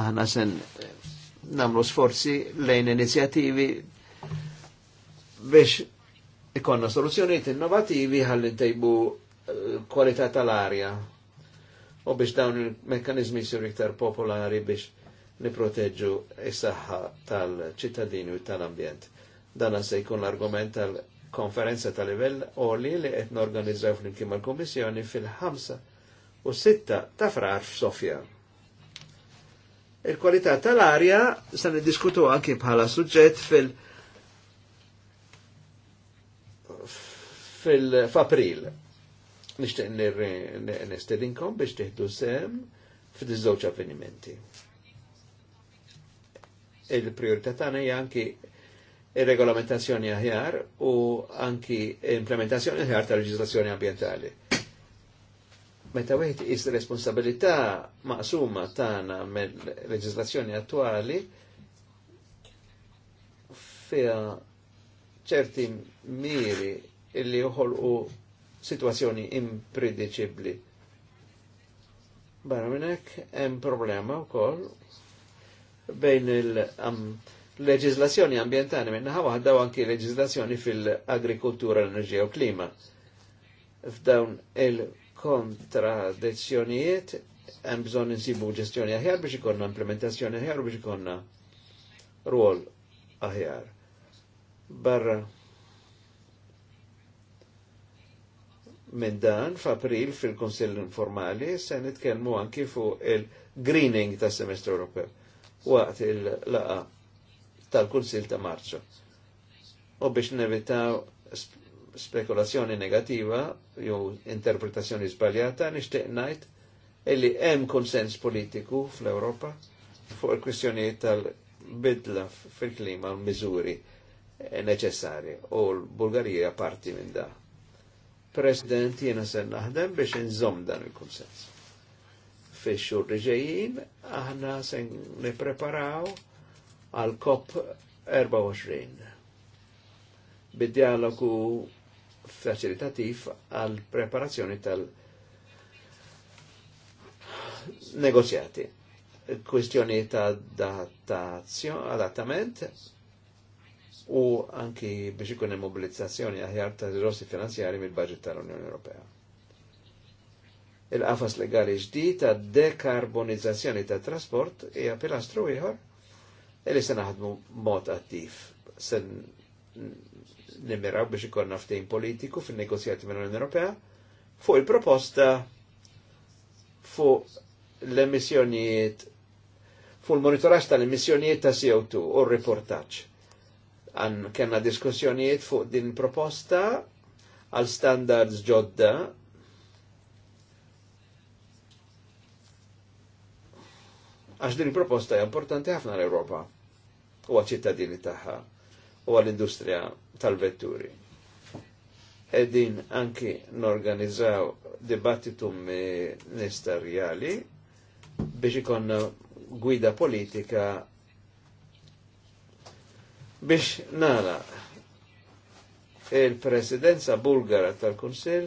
aħna sen namlu sforzi lejn inizjattivi biex ikonna soluzzjonijiet innovativi għall-intejbu eh, kwalità tal-arja u biex dawn il-mekkanizmi jisir iktar popolari biex niproteġu is-saħħa tal-ċittadini u tal-ambjent. Dan se jkun l-argument tal-konferenza tal-livell oli li qed norganizzaw flimkien mal-Kummissjoni fil-5 u 6 ta' frar f'Sofja. Il-kwalità tal-arja se niddiskutu anki bħala suġġett fil- fil-Fapril Nishtiq nistedinkom biex tiħdu sem fid-żewġ avvenimenti. Il-priorità tagħna hija anki ir regolamentazzjoni aħjar u anki implementazzjoni aħjar tal-leġislazzjoni ambjentali. Meta wieħed is responsabilità maqsuma tagħna mill-leġislazzjoni attwali fiha ċerti miri illi joħolqu situazzjoni imprediċibli. Barra minnek, hemm problema u wkoll bejn il-leġizlazzjoni um, ambientali minna ħawa u anki leġizlazzjoni fil-agrikultura, l-enerġija u klima. F'dawn il-kontradizzjonijiet hemm bżon insibu ġestjoni aħjar biex ikonna implementazzjoni aħjar u biex ikonna rwol aħjar. Barra minn dan f'April fil-Konsill informali se nitkellmu anki fuq il-greening tas semestru Ewropew waqt il-laqa tal-Kunsill ta' Marzu. U biex nevitaw spekulazzjoni negativa jew interpretazzjoni sbagliata nixtieq ngħid illi hemm konsens politiku fl-Ewropa fuq il-kwistjonijiet tal-bidla fil-klima u miżuri neċessarji u l-Bulgarija parti minn da' President, jena sen naħdem biex nżom dan il-konsens. Fix xhur ġejjin, aħna sen nipreparaw għal COP 24. Bid-dialogu faċilitativ għal preparazzjoni tal negozjati. Kwestjoni ta' adattament, u anki biex ikun hemm mobilizzazzjoni aħjar ta' rossi finanzjari mill-budget tal-Unjoni Ewropea. Il-qafas legali ġdid ta' dekarbonizzazzjoni ta' trasport hija pilastru ieħor li se naħdmu mod attiv. Se nimmiraw biex ikun naftejn politiku fin-negozjati mill-Unjoni Ewropea fuq il-proposta fuq l-emissjonijiet fuq il-monitoraġġ tal-emissjonijiet ta' CO2 u r-riportaġġ Għan kena diskussjonijiet fuq din proposta għal standards ġodda għax din proposta hija importanti ħafna l-Europa u għal-ċittadini tagħha u għal-industrija tal-vetturi. Edin anki n-organizzaw dibattitu nistarjali biex ikon gwida politika Biex nara il-presidenza bulgara tal-Konsil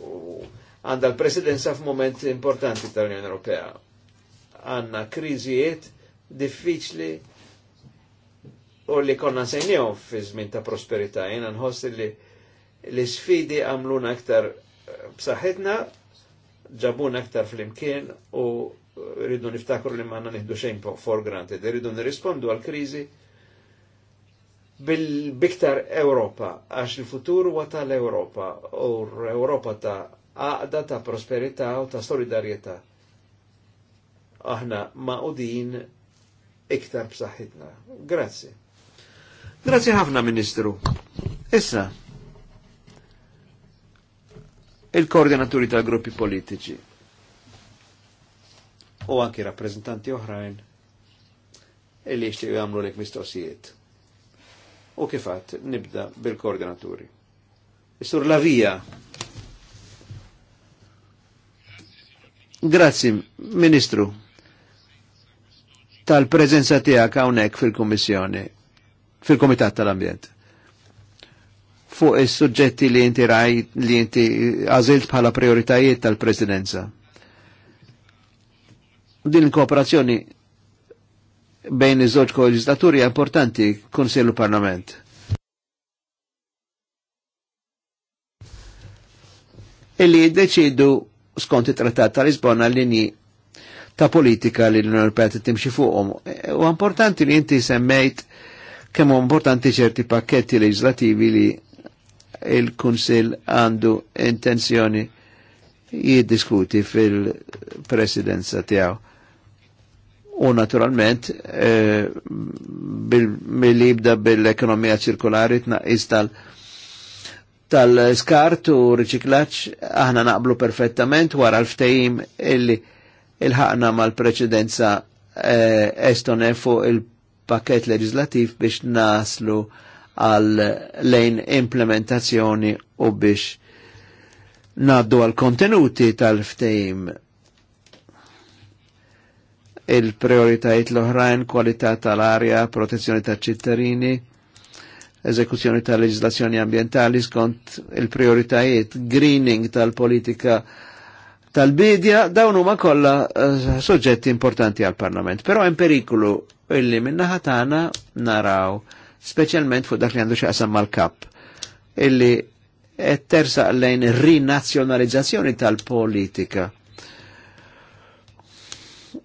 għanda l-presidenza f'moment importanti tal-Unjoni Ewropea. Għanna kriżijiet diffiċli u li konna sejnjew fi żmien ta' prosperità. Jena nħoss li li sfidi għamluna aktar b'saħħitna, ġabuna aktar fl-imkien u rridu niftakru li manna għanna nieħdu xejn for granted, rridu nirrispondu għal kriżi bil-biktar Europa, għax il-futur huwa tal-Europa, u Europa ta' għaqda ta' prosperità u ta' solidarietà. Aħna ma' din iktar b'saħħitna. Grazzi. Grazzi ħafna, Ministru. Issa, il-koordinaturi tal-gruppi politiċi u anki rappresentanti oħrajn illi jishtiqu jagħmlu lek mistoqsijiet u kifat nibda bil-koordinaturi. Sur la via. Grazzi, Ministru, tal-prezenza tiegħek hawnhekk fil komissjoni fil-Komitat tal-Ambjent. Fuq il suġġetti li inti raj, li inti għazilt bħala prioritajiet tal-Presidenza. Din il-kooperazzjoni bejn iż-żewġ koleġislaturi importanti Kunsill u Parlament. Illi jiddeċidu skont it-Trattat ta' Lisbona linji ta' politika li l-Unjoni Ewropea timxi fuqhom. U importanti li inti semmejt kemm importanti ċerti pakketti leġislativi li il-Kunsill għandu intenzjoni jiddiskuti fil-presidenza tiegħu u naturalment eh, mill jibda bil-ekonomija ċirkolari tnaqqis tal- tal-skart u riċiklaċ aħna naqblu perfettament wara l-ftejim illi il-ħaqna mal-preċedenza eh, estone fuq il-pakket leġislativ biex naslu għal lejn implementazzjoni u biex naddu għal kontenuti tal-ftejim il-prioritajiet l-oħrajn, kwalità tal-arja, protezzjoni tal-ċittadini, eżekuzzjoni tal-leġislazzjoni ambientali skont il-prioritajiet, greening tal-politika tal-bidja, dawn huma kollha uh, eh, soġġetti importanti għal-Parlament. Però hemm periklu illi minnaħa tagħna naraw, speċjalment fuq dak li għandu xaqsam mal-kap, illi qed tersaq lejn rinazzjonalizzazzjoni tal-politika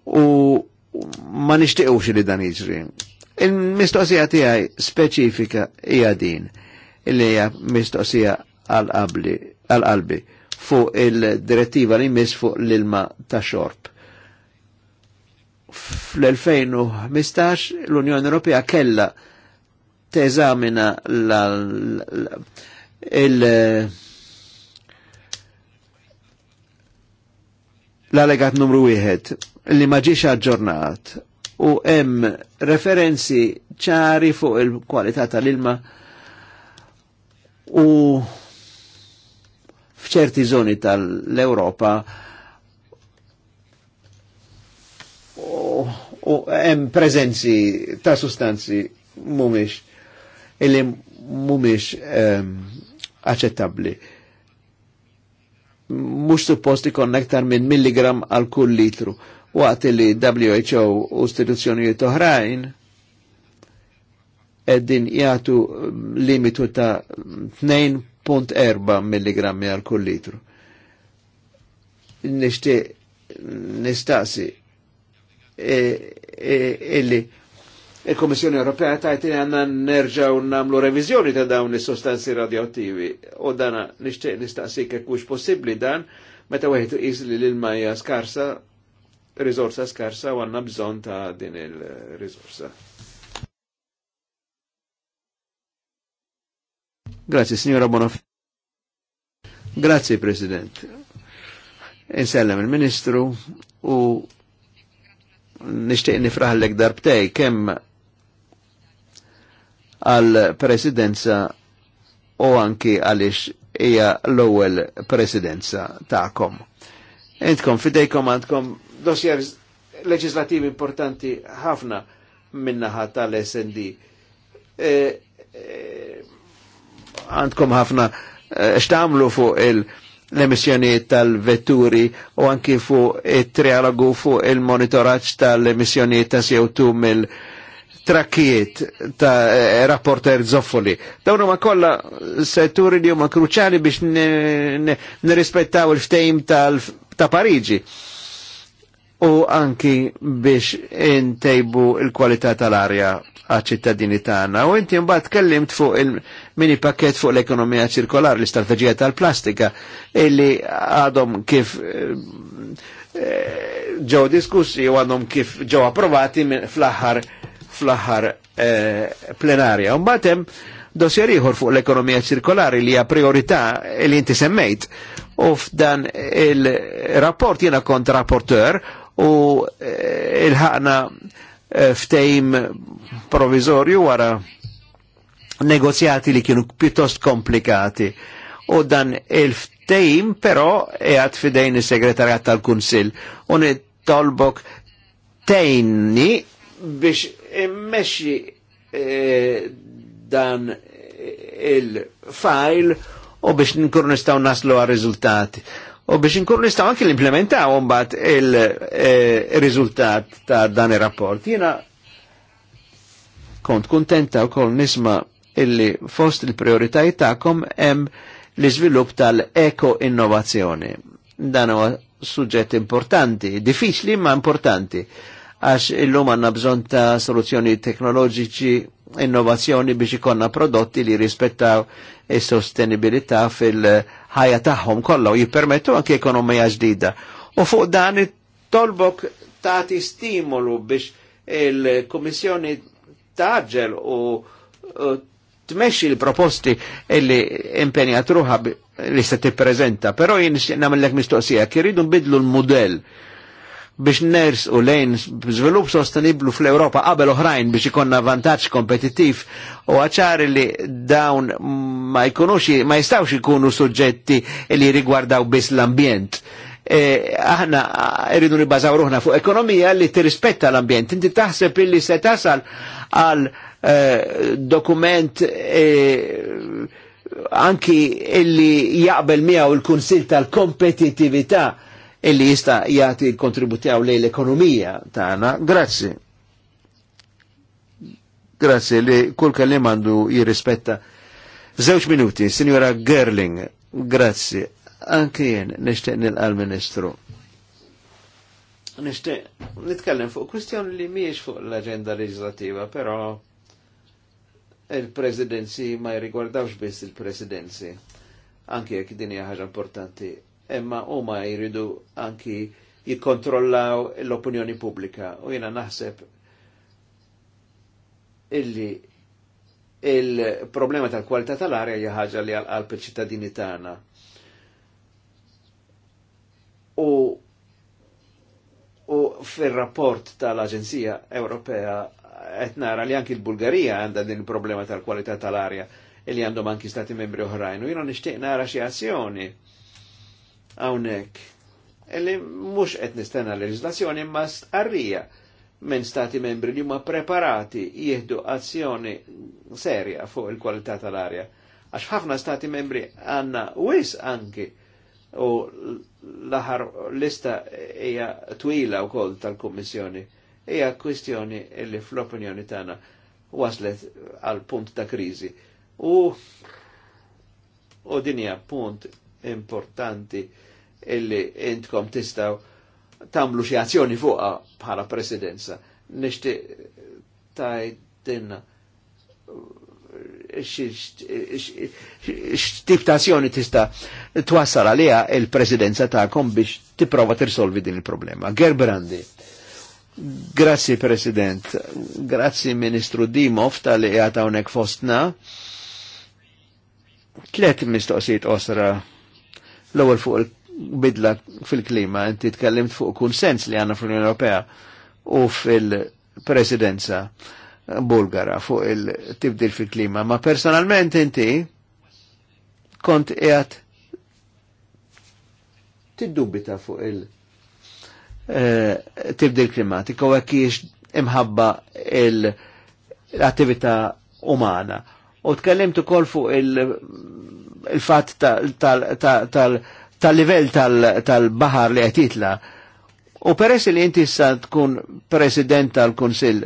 u ma nixtiqux li dan jiġri. Il-mistoqsija tiegħi speċifika hija din illi hija mistoqsija għal-qalbi fuq il-direttiva li mis fuq l-ilma ta' xorb. Fl-2015 l-Unjoni Ewropea kella teżamina l-, l, l, l, l, l, l, l, l l-allegat numru 1 li ma aġġornat u hemm referenzi ċari fuq il kualità tal-ilma u f'ċerti zoni tal-Europa u hemm prezenzi ta' sustanzi mumiex illi mumiex um, ehm, accettabli mux suppost ikon aktar minn milligram għal kull litru. Waqt li WHO u istituzzjonijiet oħrajn eddin jgħatu um, limitu ta' 2.4 mg għal kull litru. Nishti nistaqsi illi e, e, il-Komissjoni Ewropea tajt li għanna nerġaw namlu revizjoni ta' dawn is-sostanzi radioattivi. U dana nixtieq nistaqsik jekk hux possibbli dan meta wieħed iqis li l-ilma skarsa, risorsa skarsa u għandna bżonn ta' din il-riżorsa. Grazie, signora Bonaf. Grazie, President. Insellem il-Ministru u nishtiq nifraħlek darbtej kemm għal-presidenza u anki għalix hija l-ewwel presidenza ta'kom. Intkom fidejkom għandkom dossiers leġislativi importanti ħafna minnaħa tal-SND. E, e, għandkom ħafna e, xtamlu fuq il- l-emissjonijiet tal-vetturi u anki fuq it-trialogu fuq il-monitoraġġ tal-emissjonijiet ta' CO2 mill- trakiet ta' eh, rapporter zoffoli. Dawnu ma' kolla setturi li huma kruċali biex nirrispettaw il-ftejm ta' Parigi u anki biex intejbu il-kwalità tal-arja għal ċittadini tagħna. U inti mbagħad tkellimt fuq il-mini pakket fuq l-ekonomija ċirkolari, l-istrateġija tal-plastika illi għadhom kif eh, ġew diskussi u għandhom kif ġew approvati fl-aħħar fl-aħħar eh, plenarja. Mbagħad hemm dosjer ieħor fuq l-ekonomija ċirkolari li hija priorità li inti semmejt u f'dan il-rapport jiena kont rapporteur u eh, il-ħaqna eh, ftejm provizorju wara negozjati li kienu pjuttost komplikati u dan il-ftejm però għad fidejn il-segretarjat tal-Kunsil u nittolbok tejni biex immexi eh, dan il-file u biex nkunu nistaw naslu għal rizultati U biex nkunu nistaw anki l-implementaw mbagħad il eh, rizultat ta' dan ir-rapport. Jiena kont kuntenta wkoll nisma' illi fost il-prioritajiet tagħkom hemm l-iżvilupp tal-eko innovazzjoni. Dan huwa suġġett importanti, diffiċli ma importanti għax illum għanna bżon ta' soluzzjoni teknoloġiċi, innovazzjoni biex ikonna prodotti li rispettaw is-sostenibilità fil-ħajja tagħhom kollha u jippermettu anke ekonomija ġdida. U fuq dan it-tolbok tagħti stimolu biex il-Kummissjoni taġġel u tmexxi l-proposti li impenjat ruħa li se tippreżenta, però jien nagħmellek mistoqsija, kiridu nbidlu l-mudell biex ners u lejn zvilup sosteniblu fl-Europa qabel oħrajn biex ikonna vantaġġ kompetittiv u għaċar li dawn ma jkunux ma jistawx ikunu suġġetti li rigwardaw biss l-ambjent. E, aħna irridu nibbażaw ruħna fuq ekonomija li tirrispetta l-ambjent. Inti taħseb illi se tasal għal eh, dokument eh, anki illi jaqbel miegħu il kunsill tal-Kompetitività illi jista jagħti kontributjaw lej l-ekonomija tagħna. Grazzi. Grazzi li kull kelli mandu jirrispetta. Zewċ minuti, Signora Gerling, grazzi. Anki jien nil nilqal Ministru. Nishtiq, nitkellem fuq kustjon li mhijiex fuq l agenda legislativa, però il-presidenzi ma jirrigwardawx biss il-presidenzi. Anki jekk din hija ħaġa importanti imma huma jridu anki jikkontrollaw l-opinjoni pubblika u jina naħseb illi il-problema tal-kwalità tal-arja hija li għal ċittadini tagħna. U u fil-rapport tal-Aġenzija Ewropea qed nara li anki l-Bulgarija għandha din il-problema tal-kwalità tal-arja illi għandhom anki stati membri oħrajn u jiena nixtieq nara xi azzjoni hawnhekk. Illi mhux qed nistenna leġislazzjoni imma arrija minn stati membri li huma preparati jieħdu azzjoni serja fuq il-kwalità tal-arja. Għax ħafna stati membri għanna wis anki u l-aħar lista hija twila wkoll tal kommissjoni Hija kwistjoni li fl-opinjoni tagħna waslet għal punt ta' kriżi. U u dinja punt importanti illi intkom tistaw tamlu xi azzjoni fuqa bħala presidenza. Nixti tajdinna eh, x-tip ta' azzjoni tista' twassal għalija il-presidenza ta' kom biex tipprova tirsolvi din il-problema. Gerbrandi. Grazzi President, grazzi Ministru Dimov tal-li għata unek fostna. Tlet mistoqsijiet osra l-ewwel fuq il bidla fil-klima, inti tkellimt fuq kunsens li għanna fl-Unjoni Ewropea u fil-presidenza bulgara fuq il-tibdil fil-klima, ma personalment inti kont qiegħed tiddubita fuq il-tibdil eh, klimatiku u hekk imħabba l-attività umana. U tkellimt ukoll fuq il-fatt tal- tal-livell tal-bahar li għetitla. U peress li inti sa tkun president tal konsil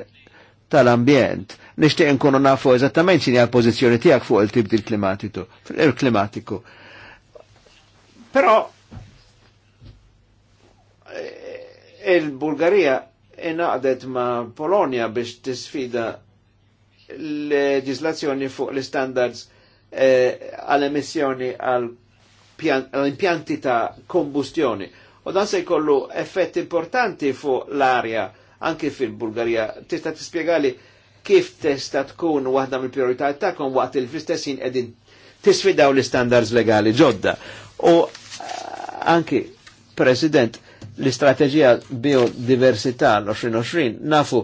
tal-Ambjent, nishtiq nkunu nafu eżattament xini għal-pozizjoni tijak fuq il-tibdil tib klimatiku. Il-klimatiku. Pero, eh, il-Bulgarija inaqdet ma' Polonia biex tisfida l-leġislazzjoni fuq l-standards eh, għal-emissjoni għal l eh, impianti ta' kombustjoni. U dan se jkollu effett importanti fu l-arja anke fil-Bulgarija. Tista' tispjegali kif tista' tkun waħda mill-priorità tagħkom waqt il-fistessin qegħdin tisfidaw l-istandards legali ġodda. U eh, anki, President, l-istrateġija biodiversità l-2020 nafu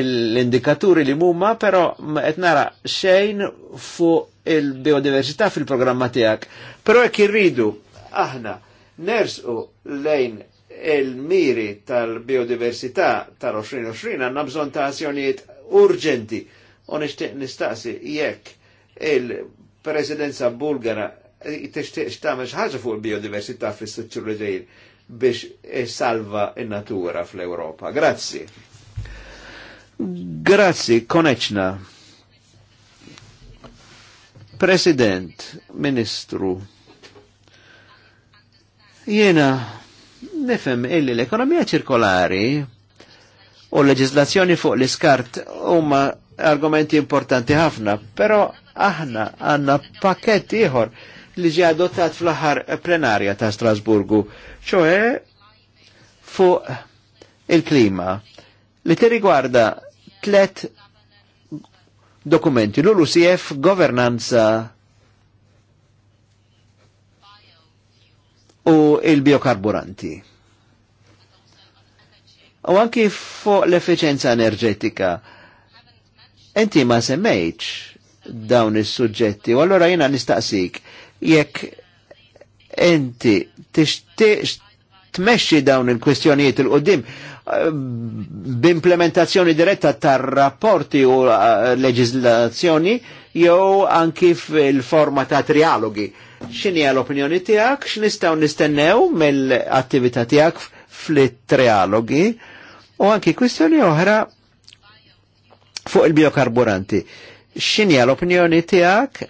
l-indikaturi li mumma, però etnara xejn fu il-biodiversità fil-programma tiegħek. Però jek irridu aħna nersu lejn il-miri tal-biodiversità tal-2020 għanna bżon ta' azzjonijiet urġenti u nistaqsi jekk il-presidenza bulgara tixtieq tagħmel xi ħagġa fuq il-biodiversità fis-sittur ġejjin biex salva il natura fl europa Grazzi. Grazzi, koneċna. President, Ministru, jena nifem illi l-ekonomija ċirkolari u l-leġislazzjoni fuq l-iskart huma argumenti importanti ħafna, pero aħna għanna pakket ieħor li ġi adottat fl-aħħar plenarja ta' Strasburgu, ċoħe fuq il-klima li tirigwarda tlet dokumenti. l ucf governanza u il-biokarburanti. U anki fuq l-efficienza enerġetika. Enti ma semmejċ dawn is-suġġetti, u allora jina nistaqsik, jekk enti t tmexxi dawn il-kwestjonijiet il-qoddim, il kwestjonijiet il il kwestjonijiet il qoddim Eh, b'implementazzjoni diretta tar rapporti u eh, leġislazzjoni jew anki fil-forma ta' trialogi. X'inhi l-opinjoni tiegħek, x'nistgħu nistennew mill-attività tiegħek fl-trialogi u anki kwistjoni oħra fuq il-biokarburanti. X'inhi l-opinjoni tiegħek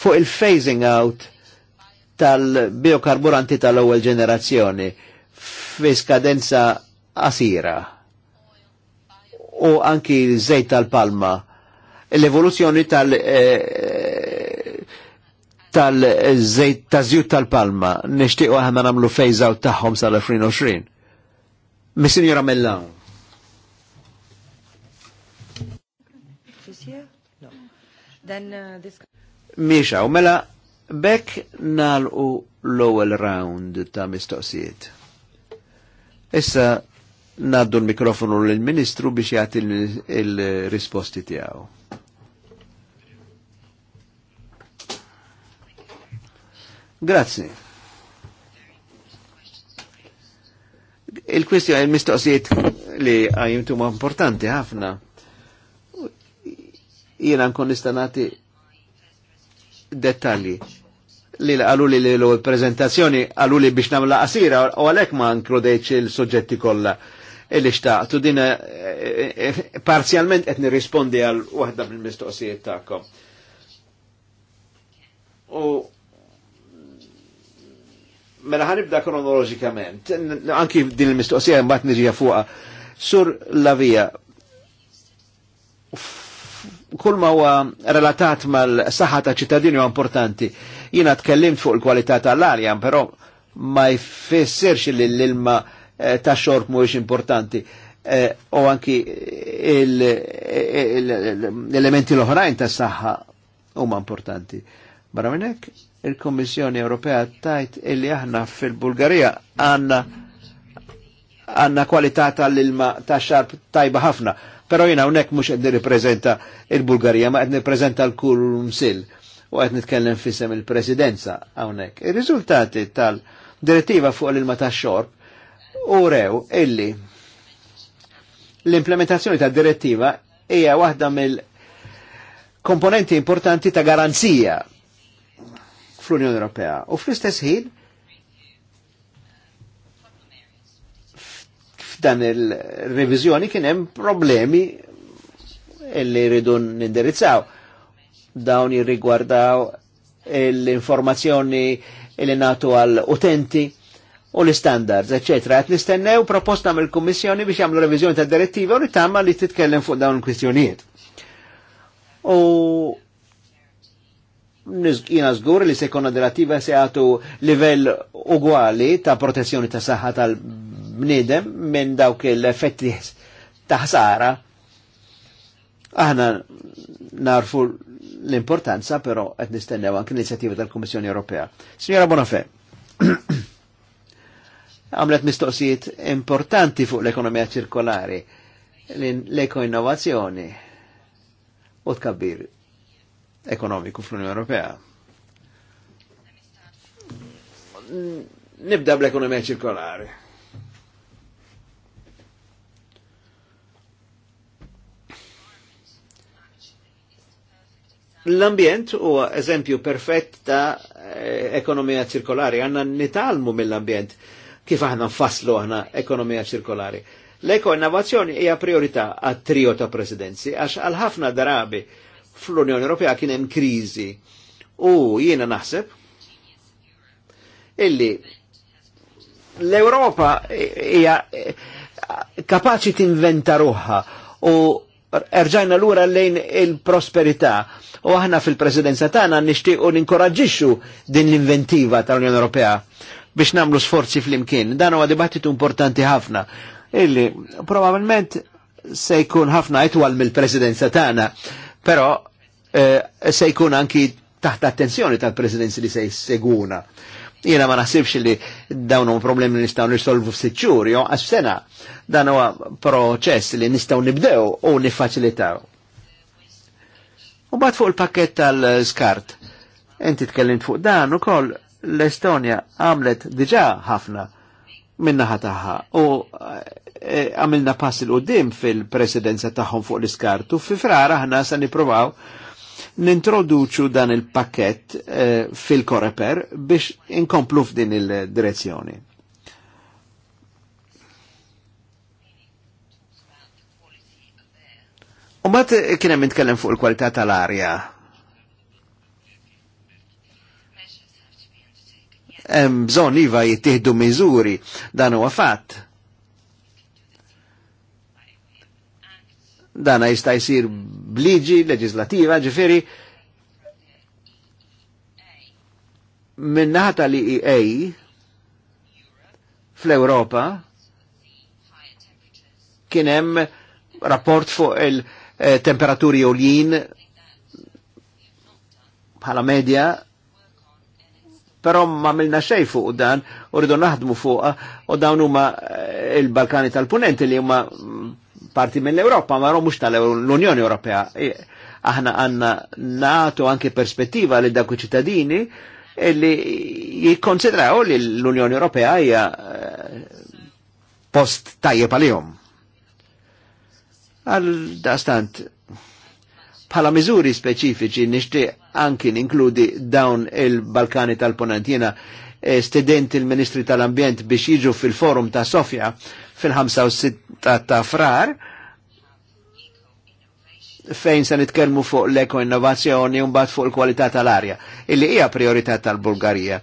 fuq il-phasing out tal-biokarburanti tal-ewwel ġenerazzjoni? fi skadenza asira u anki zejt tal-palma l-evoluzzjoni tal- eh, tal-żejt tal zejt taż tal palma nixtiequ aħna nagħmlu fejża tagħhom sal-2020. Mis-Sinjora Mellawn. Misha, u mela bekk nalqu l-ewwel round ta' mistoqsijiet. Issa naddu l-mikrofonu l-Ministru biex jgħati l risposti tijaw. Grazzi. Il-kwestjoni il-mistoqsijiet li għajimtu ma' importanti ħafna. Jena nkun nistanati nagħti dettalji li għalu li l-prezentazzjoni għalu li biex namla qasira u għalek ma nkludejċ il-soġġetti kollha illi xtaqtu dina eh, eh, eh, parzialment qed nirrispondi għal waħda mill-mistoqsijiet tagħkom. U mela ħanibda kronoloġikament, anki din il-mistoqsija mbagħad niġija fuqha. Sur Lavija, kull ma huwa relatat mal-saħħa ta' ċittadini huwa importanti Jina tkellimt fuq il-kwalità tal-arja, però ma jfessirx li l-ilma eh, ta' xorb mhuwiex importanti. U eh, anki l-elementi l-oħrajn ta' saħħa huma importanti. Barra minnek, il-Kommissjoni Ewropea tajt illi aħna fil-Bulgarija għanna għanna kwalità tal-ilma ta' xarb tajba ħafna. Pero jina unek mux għedni riprezenta il-Bulgarija, ma għedni riprezenta l-kull msil u għed nitkellem fissem il-presidenza għawnek. Il-rizultati tal-direttiva fuq l-ilma ta' xorb u rew illi l-implementazzjoni ta' direttiva hija waħda mill-komponenti importanti ta' garanzija fl-Unjoni Ewropea. U fl-istess ħin f'dan il-revizjoni kien hemm problemi illi jridu nindirizzaw dawn jirrigwardaw l-informazzjoni li natu għal utenti u l-standards, ecc. Għet nistennew proposta mill kummissjoni biex jamlu revizjoni ta' direttiva u li tamma li titkellem fuq dawn il-kwistjonijiet. U jina zgur li sekonna direttiva se għatu livell uguali ta' protezzjoni ta' saħħa tal-bnidem minn dawk l effetti ta' ħsara Aħna narfu l-importanza, però qed nistennew anke l inizjativa tal-Kummissjoni Ewropea. Signora Bonafè, għamlet mistoqsijiet importanti fuq l-ekonomija ċirkolari, l-eko-innovazzjoni u tkabbir ekonomiku fl-Unjoni Ewropea. Nibda bl-ekonomija ċirkolari L-ambjent huwa eżempju perfett ta' eh, ekonomija ċirkolari, għanna nitalmu mill-ambjent kif aħna nfasslu aħna ekonomija ċirkolari. L-eko innovazzjoni hija priorità għat trio ta' presidenzi, għax għal ħafna darabi fl-Unjoni Ewropea kien hemm kriżi. U jiena naħseb illi l-Europa hija kapaċi tinventa ruħha u erġajna lura lejn il-prosperità u aħna fil-presidenza tagħna nixtiequ ninkoraġġixxu din l-inventiva tal-Unjoni Ewropea biex namlu sforzi fl-imkien. Dan huwa dibattitu importanti ħafna illi probabilment se jkun ħafna itwal mill-presidenza tagħna, però eh, se jkun anki taħt attenzjoni tal-presidenzi li se jseguna. Jiena ma naħsibx li dawn huma problemi li nistgħu nisolvu f'sitt xhur jew għax sena dan huwa proċess li nistgħu nibdew u niffaċilitaw. U bad fuq il-pakket tal-skart. Enti tkellimt fuq dan ukoll l-Estonja għamlet diġà ħafna minna taħħa u eh, għamilna pass il-qoddim fil-presidenza tagħhom fuq l-iskart u fi frara aħna se nippruvaw nintroduċu dan il-pakket eh, fil-koreper biex inkomplu f'din il-direzzjoni. U bat eh, kienem nitkellem fuq il-kwalità tal-arja. Bżon iva jittihdu mizuri dan u għafat. dana jista' jisir bliġi leġislativa ġifiri. minnaħa li eea fl-Europa kienem rapport fuq il-temperaturi eh, olin bħala medja pero ma milna xej fuq dan u rridu naħdmu fuq u dawn huma eh, il-Balkani tal-Punenti li huma parti mill-Europa, ma rom mux tal-Unjoni Ewropea. Aħna għanna nato anke perspettiva li dak ċittadini li jikkonsidraw li l-Unjoni Ewropea hija eh, post tajjeb għalihom. Għal dastant, bħala miżuri speċifiċi nixtieq anki ninkludi dawn il-Balkani tal-Ponant. E, student il-Ministri tal-Ambjent biex jiġu fil-forum ta' Sofja fil-5 ta' frar fejn se nitkellmu fuq l-eko innovazzjoni u mbagħad fuq il-kwalità tal-arja illi hija priorità tal-Bulgarija.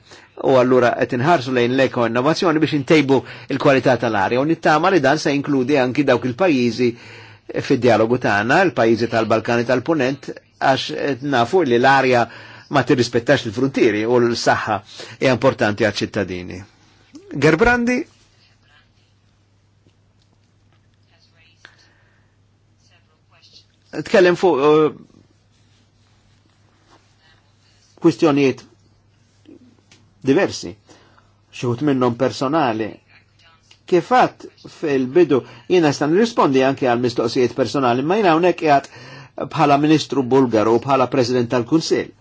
U allura qed inħarsu lejn l-eko innovazzjoni biex intejbu il-kwalità tal-arja u nittama li dan se jinkludi anki dawk il-pajjiżi fid-dialogu tagħna, il-pajjiżi tal-Balkani tal-Punent għax nafu li l-arja ma tirrispettax il-frontieri u l-saħħa e importanti għal ċittadini. Gerbrandi tkellem fuq uh, kwistjonijiet diversi, xħut minnom personali. Kifat fil-bidu jina stan rispondi anke għal mistoqsijiet personali, ma jina unek jgħat bħala ministru bulgaru, bħala president tal-Kunsil.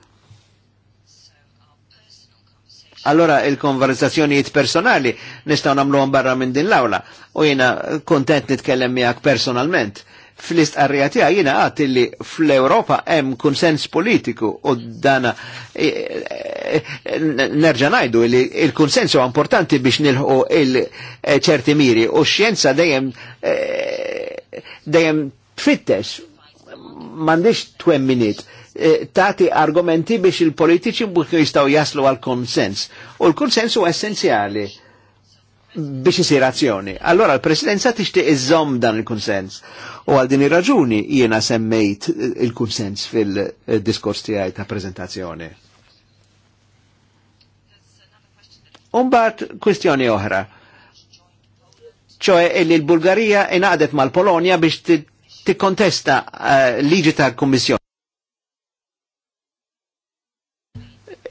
Allora il-konverzazzjonijiet personali nistgħu nagħmluhom barra minn din l-awla u jiena kontent nitkellem miegħek personalment. Fl-istqarrija tiegħi jiena għad li fl-Ewropa hemm kunsens politiku u dana e, e, e, nerġa' ngħidu li il-kunsens huwa importanti biex nilħu il-ċerti miri u x-xjenza dejjem dejjem tfittex m'għandix twemminiet. minit Eh, tati argumenti biex il-politiċi mbukju jistaw jaslu għal konsens. U l-konsens u essenzjali biex jisir azzjoni. Allora l-presidenza tixtieq iżomm dan il konsens U għal din ir-raġuni jiena semmejt eh, il konsens fil-diskors tiegħi ta' preżentazzjoni. Umbat kwistjoni oħra. ċoe li l-Bulgarija inaqdet mal polonia biex tikkontesta eh, liġi tal kommissjoni.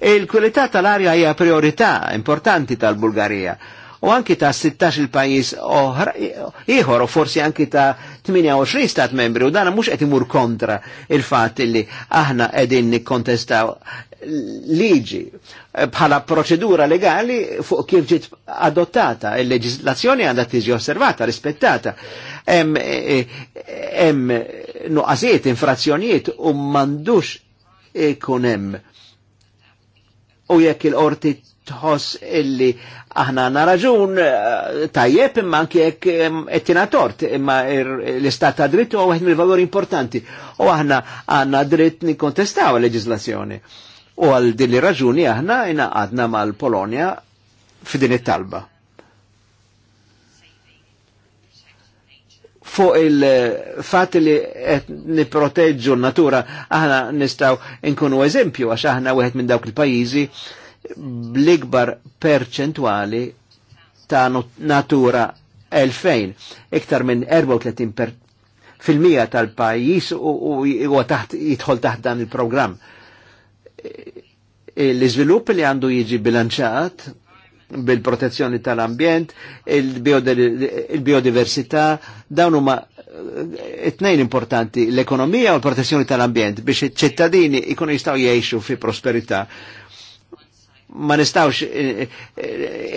e Il-kwalità tal-arja hija priorità importanti tal-Bulgarija u anki ta' 16 il-pajis iħor u forsi anki ta' 28 stat membri u dana mux qed imur kontra il fat li aħna qegħdin nikkontestaw liġi bħala proċedura legali fuq kif ġiet adottata, il-leġislazzjoni għandha tiġi osservata, rispettata. Hemm nuqqasijiet, infrazzjonijiet u mandux ikun hemm u jekk il-qorti tħoss illi aħna naraġun raġun eh, tajjeb imma anki jekk ettina tort imma l-istat ta' dritt huwa waħed mill-valori importanti u aħna għandna dritt nikkontestaw il-leġislazzjoni. U għal din li raġuni aħna għadna mal-Polonja f'din it-talba. fuq il-fat li niproteġġu n-natura aħna nistgħu nkunu eżempju għax aħna wieħed minn dawk il-pajjiżi bl-ikbar perċentwali ta' natura 2000, iktar minn 34 fil-mija tal-pajis u taħt jidħol taħt dan il-programm. E, l-iżvilupp li għandu jiġi bilanċat bil-protezzjoni tal-ambjent, il-biodiversità, dawn huma eh, it-tnejn importanti l-ekonomija u l-protezzjoni tal-ambjent biex iċ-ċittadini ikunu jistgħu jgħixu fi prosperità ma nistgħux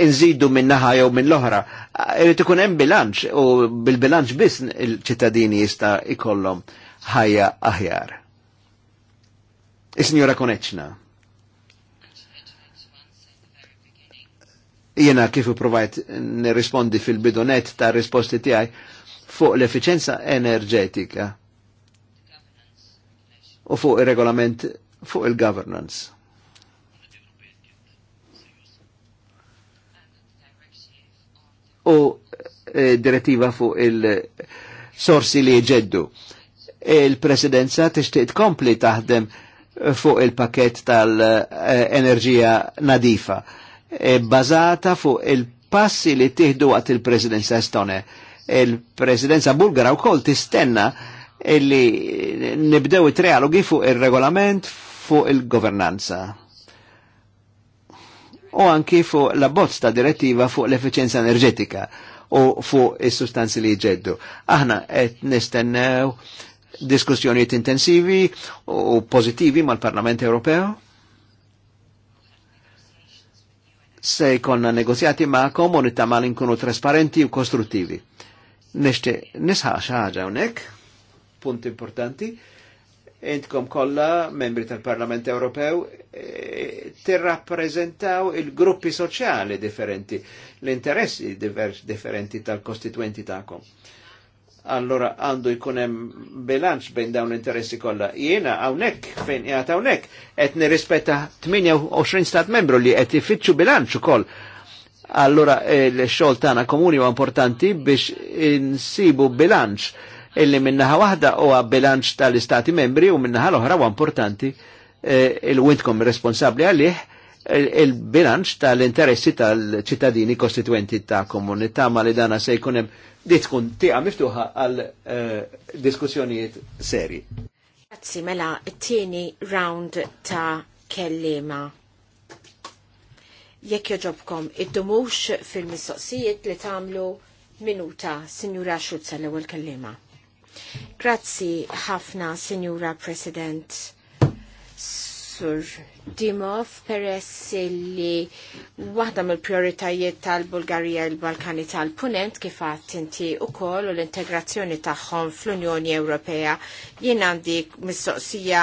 inżidu eh, eh, minn naħa jew minn l-oħra. Irid ikun hemm bilanċ u bil-bilanċ biss il-ċittadini jista' ikollhom ħajja aħjar. is sinjura Koneċna. Jena kif provajt nirrispondi fil-bidonet ta' risposti tiegħi fuq l-efficienza enerġetika u fuq il-regolament fuq il-governance. U eh, direttiva fuq il-sorsi li ġeddu. Il-presidenza tixtieq kompli taħdem fuq il-pakett tal-enerġija eh, nadifa E bazata fuq il-passi li tieħdu għat il-presidenza Estone. Il-presidenza Bulgara u kol tistenna illi nibdew it-trialogi fuq il-regolament fuq il-governanza. U anki fuq la bozza direttiva fuq l-efficienza enerġetika u fuq is-sustanzi li ġeddu. Aħna et nistennew diskussjonijiet intensivi u pozitivi mal-Parlament Ewropew se jkonna negozjati ma'kom u nittama li trasparenti u kostruttivi. Nishti nisħax xaħġa unek, punt importanti, intkom kolla membri tal-Parlament Ewropew eh, tirrappreżentaw il-gruppi soċjali differenti, l-interessi differenti tal-kostituenti ta'kom. Ta allora għandu jkunem bilanċ bejn dawn l-interessi kollha. Jiena hawnhekk fejn qiegħed hawnhekk qed nirrispetta 28 stat membru li qed ifittxu bilanċ ukoll. Allora eh, l-xogħol tagħna komuni huwa importanti biex insibu bilanċ illi minnaħa waħda huwa bilanċ tal-istati membri u minnaħa l-oħra huwa importanti eh, il-wintkom responsabbli għalih il-bilanċ tal-interessi tal-ċittadini kostituenti ta' komunità ma li dana se jkunem di tkun tiqa miftuħa għal eh, diskussjonijiet seri. Grazzi mela, t-tieni round ta' kellima. Jekk joġobkom id-dumux fil-mistoqsijiet li tamlu minuta, Sinjura Xulza l-ewwel kellima. Grazzi ħafna, Sinjura President. Sur Dimov peress li waħda mill prioritajiet tal-Bulgarija l-Balkani tal-Punent kif għat inti u koll u l-integrazzjoni tagħhom fl-Unjoni Ewropea jien għandi mistoqsija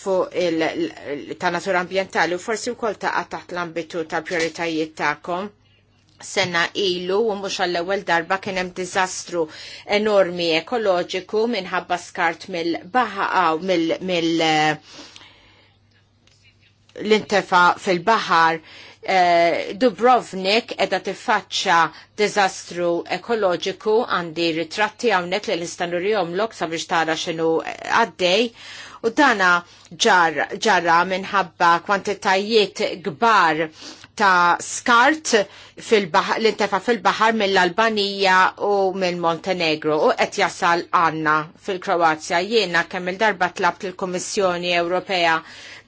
fuq ta' natura ambientali u forsi wkoll ta' taħt l-ambitu tal prioritajiet tagħkom sena ilu u mhux għall ewwel darba kien hemm diżastru enormi ekoloġiku minħabba skart mill-baħa mill-, mill l-intefa fil-bahar eh, Dubrovnik edha tiffaċċa dizastru ekoloġiku għandi ritratti għawnek li l-istanu rjomlok sabiex tara xinu għaddej u dana ġar, ġarra minħabba kwantitajiet gbar ta' skart l-intefa fil-bahar mill-Albanija u mill-Montenegro u qed jasal għanna fil-Kroazja. Jiena kemm il-darba tlabt il-Kommissjoni Ewropea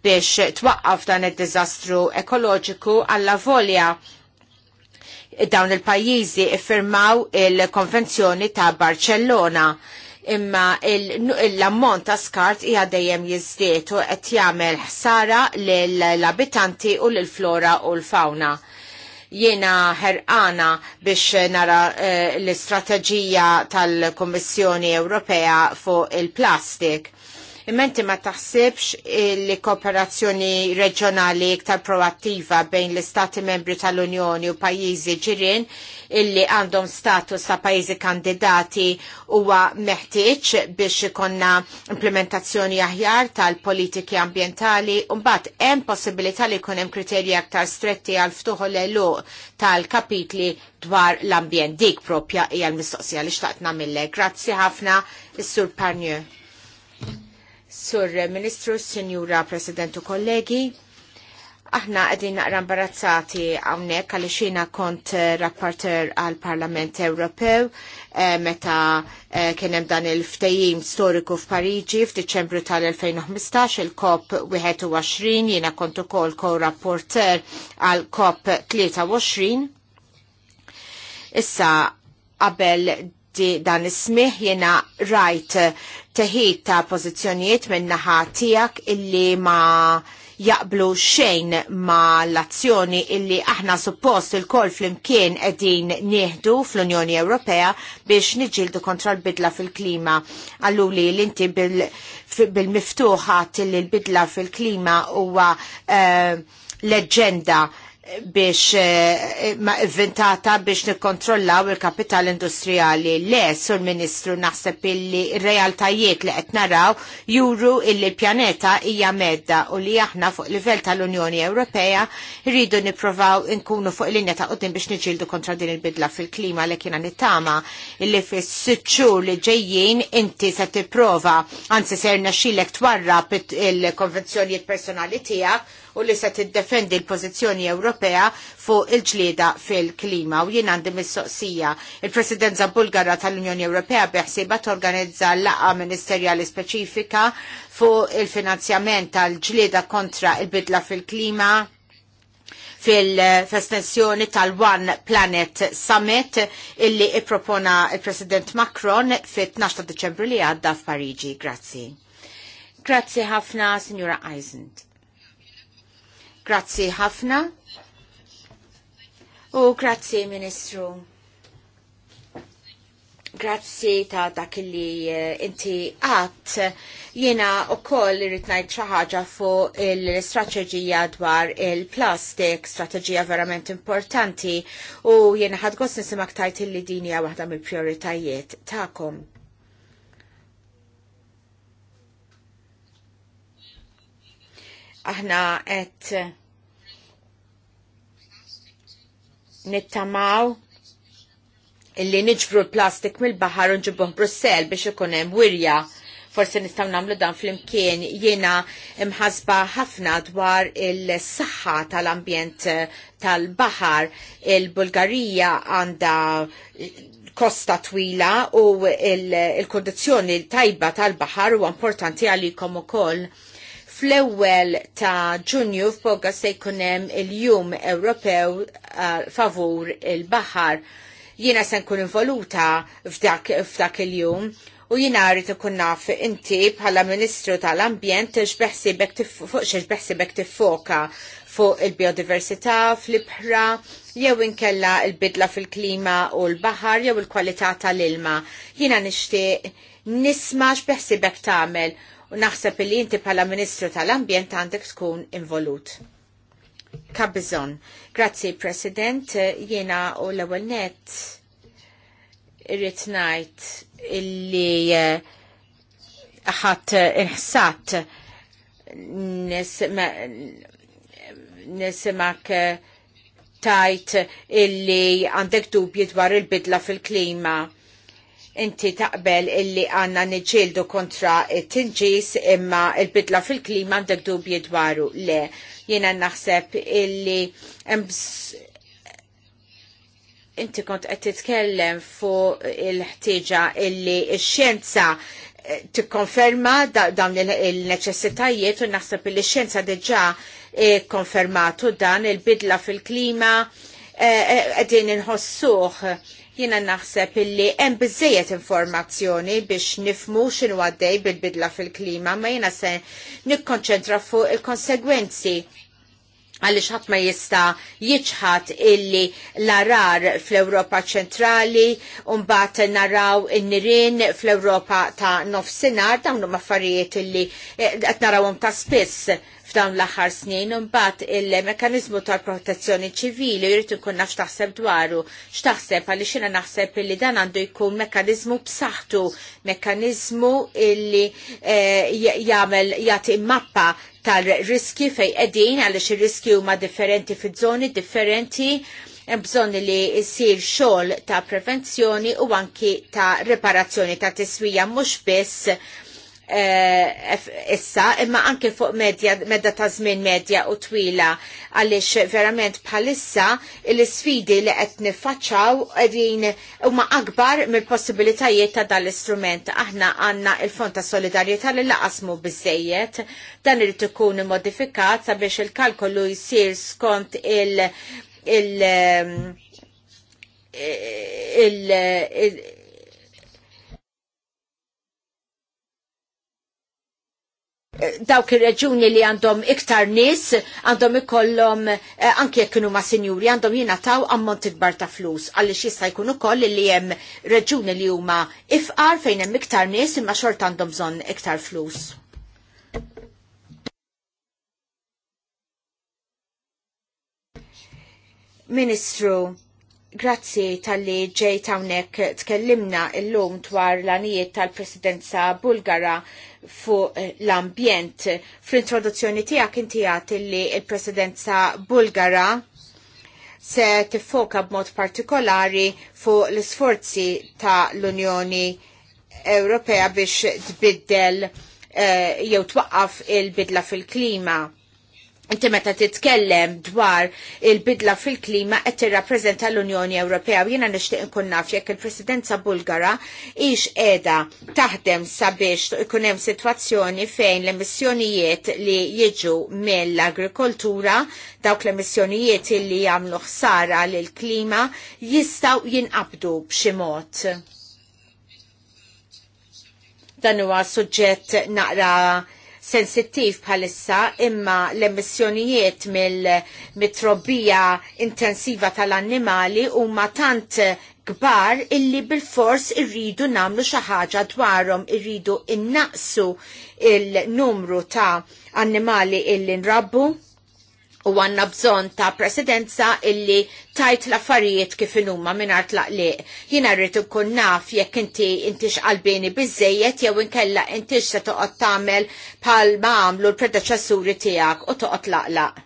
biex twaqqaf dan id-diżastru ekoloġiku alla volja dawn il-pajjiżi iffirmaw il-Konvenzjoni ta' Barcellona imma l-ammont ta' skart hija dejjem jiżdied u qed jagħmel ħsara lill-abitanti u lill-flora u l-fawna. Jiena ħerqana biex nara eh, l-istrateġija tal kummissjoni Ewropea fuq il-plastik Immenti ma taħsibx li kooperazzjoni reġjonali iktar proattiva bejn l-Istati membri tal-Unjoni u pajjiżi ġirin illi għandhom status ta' pajjiżi kandidati huwa meħtieġ biex ikonna implementazzjoni aħjar tal-politiki ambjentali u mbagħad hemm possibilità li jkun hemm kriterji aktar stretti għal ftuħu l tal-kapitli dwar l-ambjent dik propja hija l-mistoqsija li xtaqt nagħmilek. Grazzi ħafna, is-Sur Parnier. Sur Ministru, Signora Presidentu Kollegi, aħna għedin naqra imbarazzati għawnek għalli xina kont eh, rapporter għal Parlament Ewropew eh, meta eh, kienem dan il-ftejim storiku f'Pariġi f'Diċembru tal-2015 il-COP 21 jina kont ukoll ko-rapporter għal COP 23. Issa qabel dan ismiħ jena rajt teħid ta' pozizjonijiet naħa tijak illi ma jaqblu xejn ma l-azzjoni illi aħna suppost il-kol fl-imkien edin nieħdu fl-Unjoni Ewropea biex niġildu kontra l-bidla fil-klima. Għallu li l-inti bil-miftuħa bil till l-bidla fil-klima huwa uh, leġenda biex eh, ma inventata biex nikkontrollaw il-kapital industrijali. Le, sur ministru naħseb illi realtajiet li qed naraw juru illi l-pjaneta hija medda u li aħna fuq livell tal-Unjoni Ewropea rridu nipprovaw inkunu fuq linja ta' qudiem biex niġildu kontra din il-bidla fil-klima li kiena nittama illi fis-sitxu li ġejjin inti se tipprova anzi ser naxxilek twarra il-konvenzjonijiet personali tiegħek u li se tiddefendi l-pożizzjoni Ewropea fuq il-ġlieda fil-klima. U jien għandi mistoqsija. Il-Presidenza Bulgara tal-Unjoni Ewropea beħsieba torganizza laqa ministerjali speċifika fuq il-finanzjament tal-ġlieda kontra il-bidla fil-klima fil-festenzjoni tal-One Planet Summit illi propona il-President Macron fit-12 ta' Deċembru li għadda f'Pariġi. Grazzi. Grazzi ħafna, Signora Eisend. Grazzi ħafna u grazzi Ministru. Grazzi ta' dak li eh, inti għat jena u koll rritnajt ċaħġa fu il-strategija dwar il-plastik, strategija verament importanti u jena ħadgos nisimak tajt il-li dinja għahda mill-prioritajiet ta'kom. aħna qed nittamaw illi niġbru l-plastik mill-baħar u nġibuh Brussel biex ikun hemm wirja forse nistaw namlu dan fl-imkien jena imħasba ħafna dwar il-saxħa tal-ambjent tal-bahar. Il-Bulgarija għanda kosta twila u il-kondizjoni tajba tal-bahar u importanti għalikom u koll fl-ewwel ta' Ġunju f'Poga se jkun hemm il-Jum Ewropew uh, favur il-baħar. Jiena se nkun involuta f'dak il-jum u jiena rrid ikun naf inti bħala Ministru tal-Ambjent x'beħsibek fuq tiffoka fuq il-biodiversità, fl-ibħra, jew inkella il-bidla fil-klima u l-baħar jew il-kwalità tal-ilma. Jiena nixtieq nisma x'beħsibek tagħmel u naħseb li inti pala Ministru tal-Ambjent għandek tkun involut. Kabbizon. Grazzi, President. Jena u l-ewel net irrit najt illi eh, ħat inħsat nisimak eh, tajt illi għandek dubji dwar il-bidla fil-klima inti taqbel illi għanna niġildu kontra tinġis imma il-bidla fil-klima għandek dubji dwaru le jena naħseb illi inti kont qed titkellem fuq il-ħtieġa illi x-xjenza eh, tikkonferma dawn il-neċessitajiet u naħseb illi x-xjenza diġà eh, konfermatu dan il-bidla fil-klima eh, qegħdin inħossuh Jiena naħseb illi hemm biżejjed informazzjoni biex nifmu x'inhu għaddej bil-bidla fil-klima, ma jiena se nikkonċentra fuq il-konsegwenzi Għaliex ħadd ma jista jiċħat illi l-arar fl-Ewropa ċentrali mbagħad naraw in-nirien fl-Ewropa ta' nofsinhar dawn huma affarijiet illi eh, qed narawhom ta' spiss f'dawn l-aħħar snin, mbagħad il-mekanizmu tal-protezzjoni ċivili jrid ikun naf x'taħseb dwaru, x'taħseb għaliex xina naħseb illi dan għandu jkun mekanizmu b'saħħtu, mekanizmu illi eh, jagħmel jagħti mappa tal-riski fej qegħdin għaliex ir-riski huma differenti fiż-żoni differenti bżonni li jisir xogħol ta' prevenzjoni u anki ta' reparazzjoni ta' tiswija mhux biss Eh, issa, imma anke fuq medja, medda ta' żmien medja u twila għaliex verament bħalissa l-isfidi li qed niffaċċaw qegħdin huma akbar mill-possibilitajiet ta' dan l-istrument. Aħna għandna il-Fond ta' Solidarjetà li laqasmu biżejjed dan irid ikun modifikat sabiex il-kalkolu jsir skont il- il- ehm, il- il dawk ir-reġuni li għandhom iktar nies għandhom ikollhom eh, anke jekk kienu ma' sinjuri għandhom jingħataw ammont ikbar ta' flus għaliex jista' jkun ukoll li hemm reġuni li huma ifqar fejn hemm iktar nies imma xort għandhom bżonn iktar flus. Ministru, Grazzi tal-li ġej tawnek tkellimna il-lum dwar l-anijiet tal-presidenza bulgara fuq l-ambjent. Fl-introduzzjoni tijak inti għat li il-presidenza bulgara se tiffoka b'mod partikolari fuq l-sforzi ta' l-Unjoni Ewropea biex tbiddel eh, jew twaqqaf il-bidla fil-klima Inti meta titkellem dwar il-bidla fil-klima qed tirrappreżenta l-Unjoni Ewropea u jiena nixtieq inkun naf jekk il-Presidenza Bulgara hix qiegħda taħdem sabiex ikun hemm sitwazzjoni fejn l-emissjonijiet li jiġu mill-agrikoltura dawk l-emissjonijiet li jagħmlu ħsara lil klima jistgħu jinqabdu b'xi mod. Dan huwa suġġett naqra sensittiv bħalissa imma l-emissjonijiet mill mitrobija intensiva tal-annimali huma tant kbar illi bil-fors irridu namlu xi ħaġa dwarhom irridu innaqsu il-numru ta' annimali illi nrabbu u għanna bżon ta' presidenza illi tajt l-affarijiet kif minn art tlaqliq. Jina rrid ikun naf jekk inti intix xqalbini bizzejiet jew inkella intix se toqgħod tagħmel bħal ma għamlu l-predeċessuri tiegħek u toqgħod laqlaq.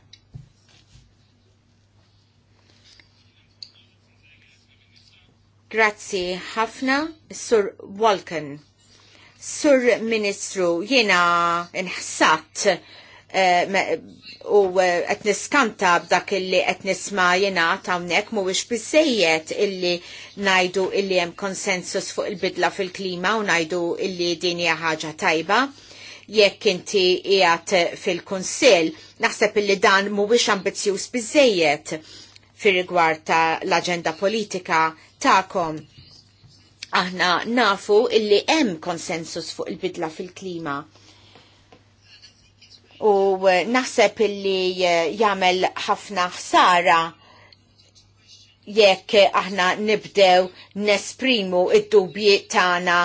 Grazzi ħafna, Sur Walken. Sur Ministru, jiena nħassat Eh, u eh, qed niskanta b'dak illi qed nisma' jingħad hawnhekk mhuwiex biżejjed illi ngħidu illi hemm konsensus fuq il-bidla fil-klima u ngħidu illi din hija ħaġa tajba jekk inti qiegħed fil-kunsill, naħseb illi dan mhuwiex ambizzjuż biżejjed fir-rigward ta' l-aġenda politika tagħkom. Aħna nafu illi hemm konsensus fuq il-bidla fil-klima u eh, naħseb illi eh, jagħmel ħafna ħsara jekk aħna nibdew nesprimu id-dubji tagħna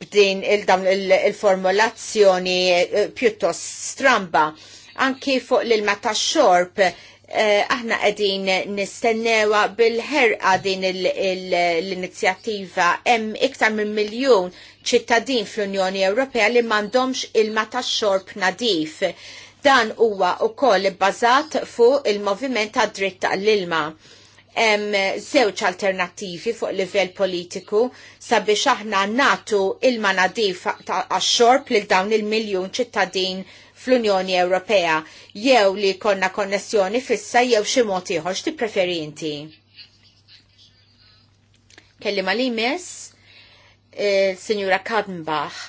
b'din il-dawn il-formulazzjoni eh, pjuttost stramba anki fuq l-ilma ta' xorb Eh, aħna qegħdin nistennewa bil-ħerqa din l-inizjattiva hemm iktar minn miljun ċittadin fl-Unjoni Ewropea li m'għandhomx ilma tax-xorb nadif. Dan huwa wkoll bbażat fuq il-moviment ta' dritt l ilma hemm żewġ alternattivi fuq livell politiku sabiex aħna natu il-manadif għax-xorb lil dawn il-miljun ċittadin fl-Unjoni Ewropea, jew li konna konnessjoni fissa jew xi mod ieħor x'ti inti. Kelli ma li miss, eh, Sinjura Kadenbach,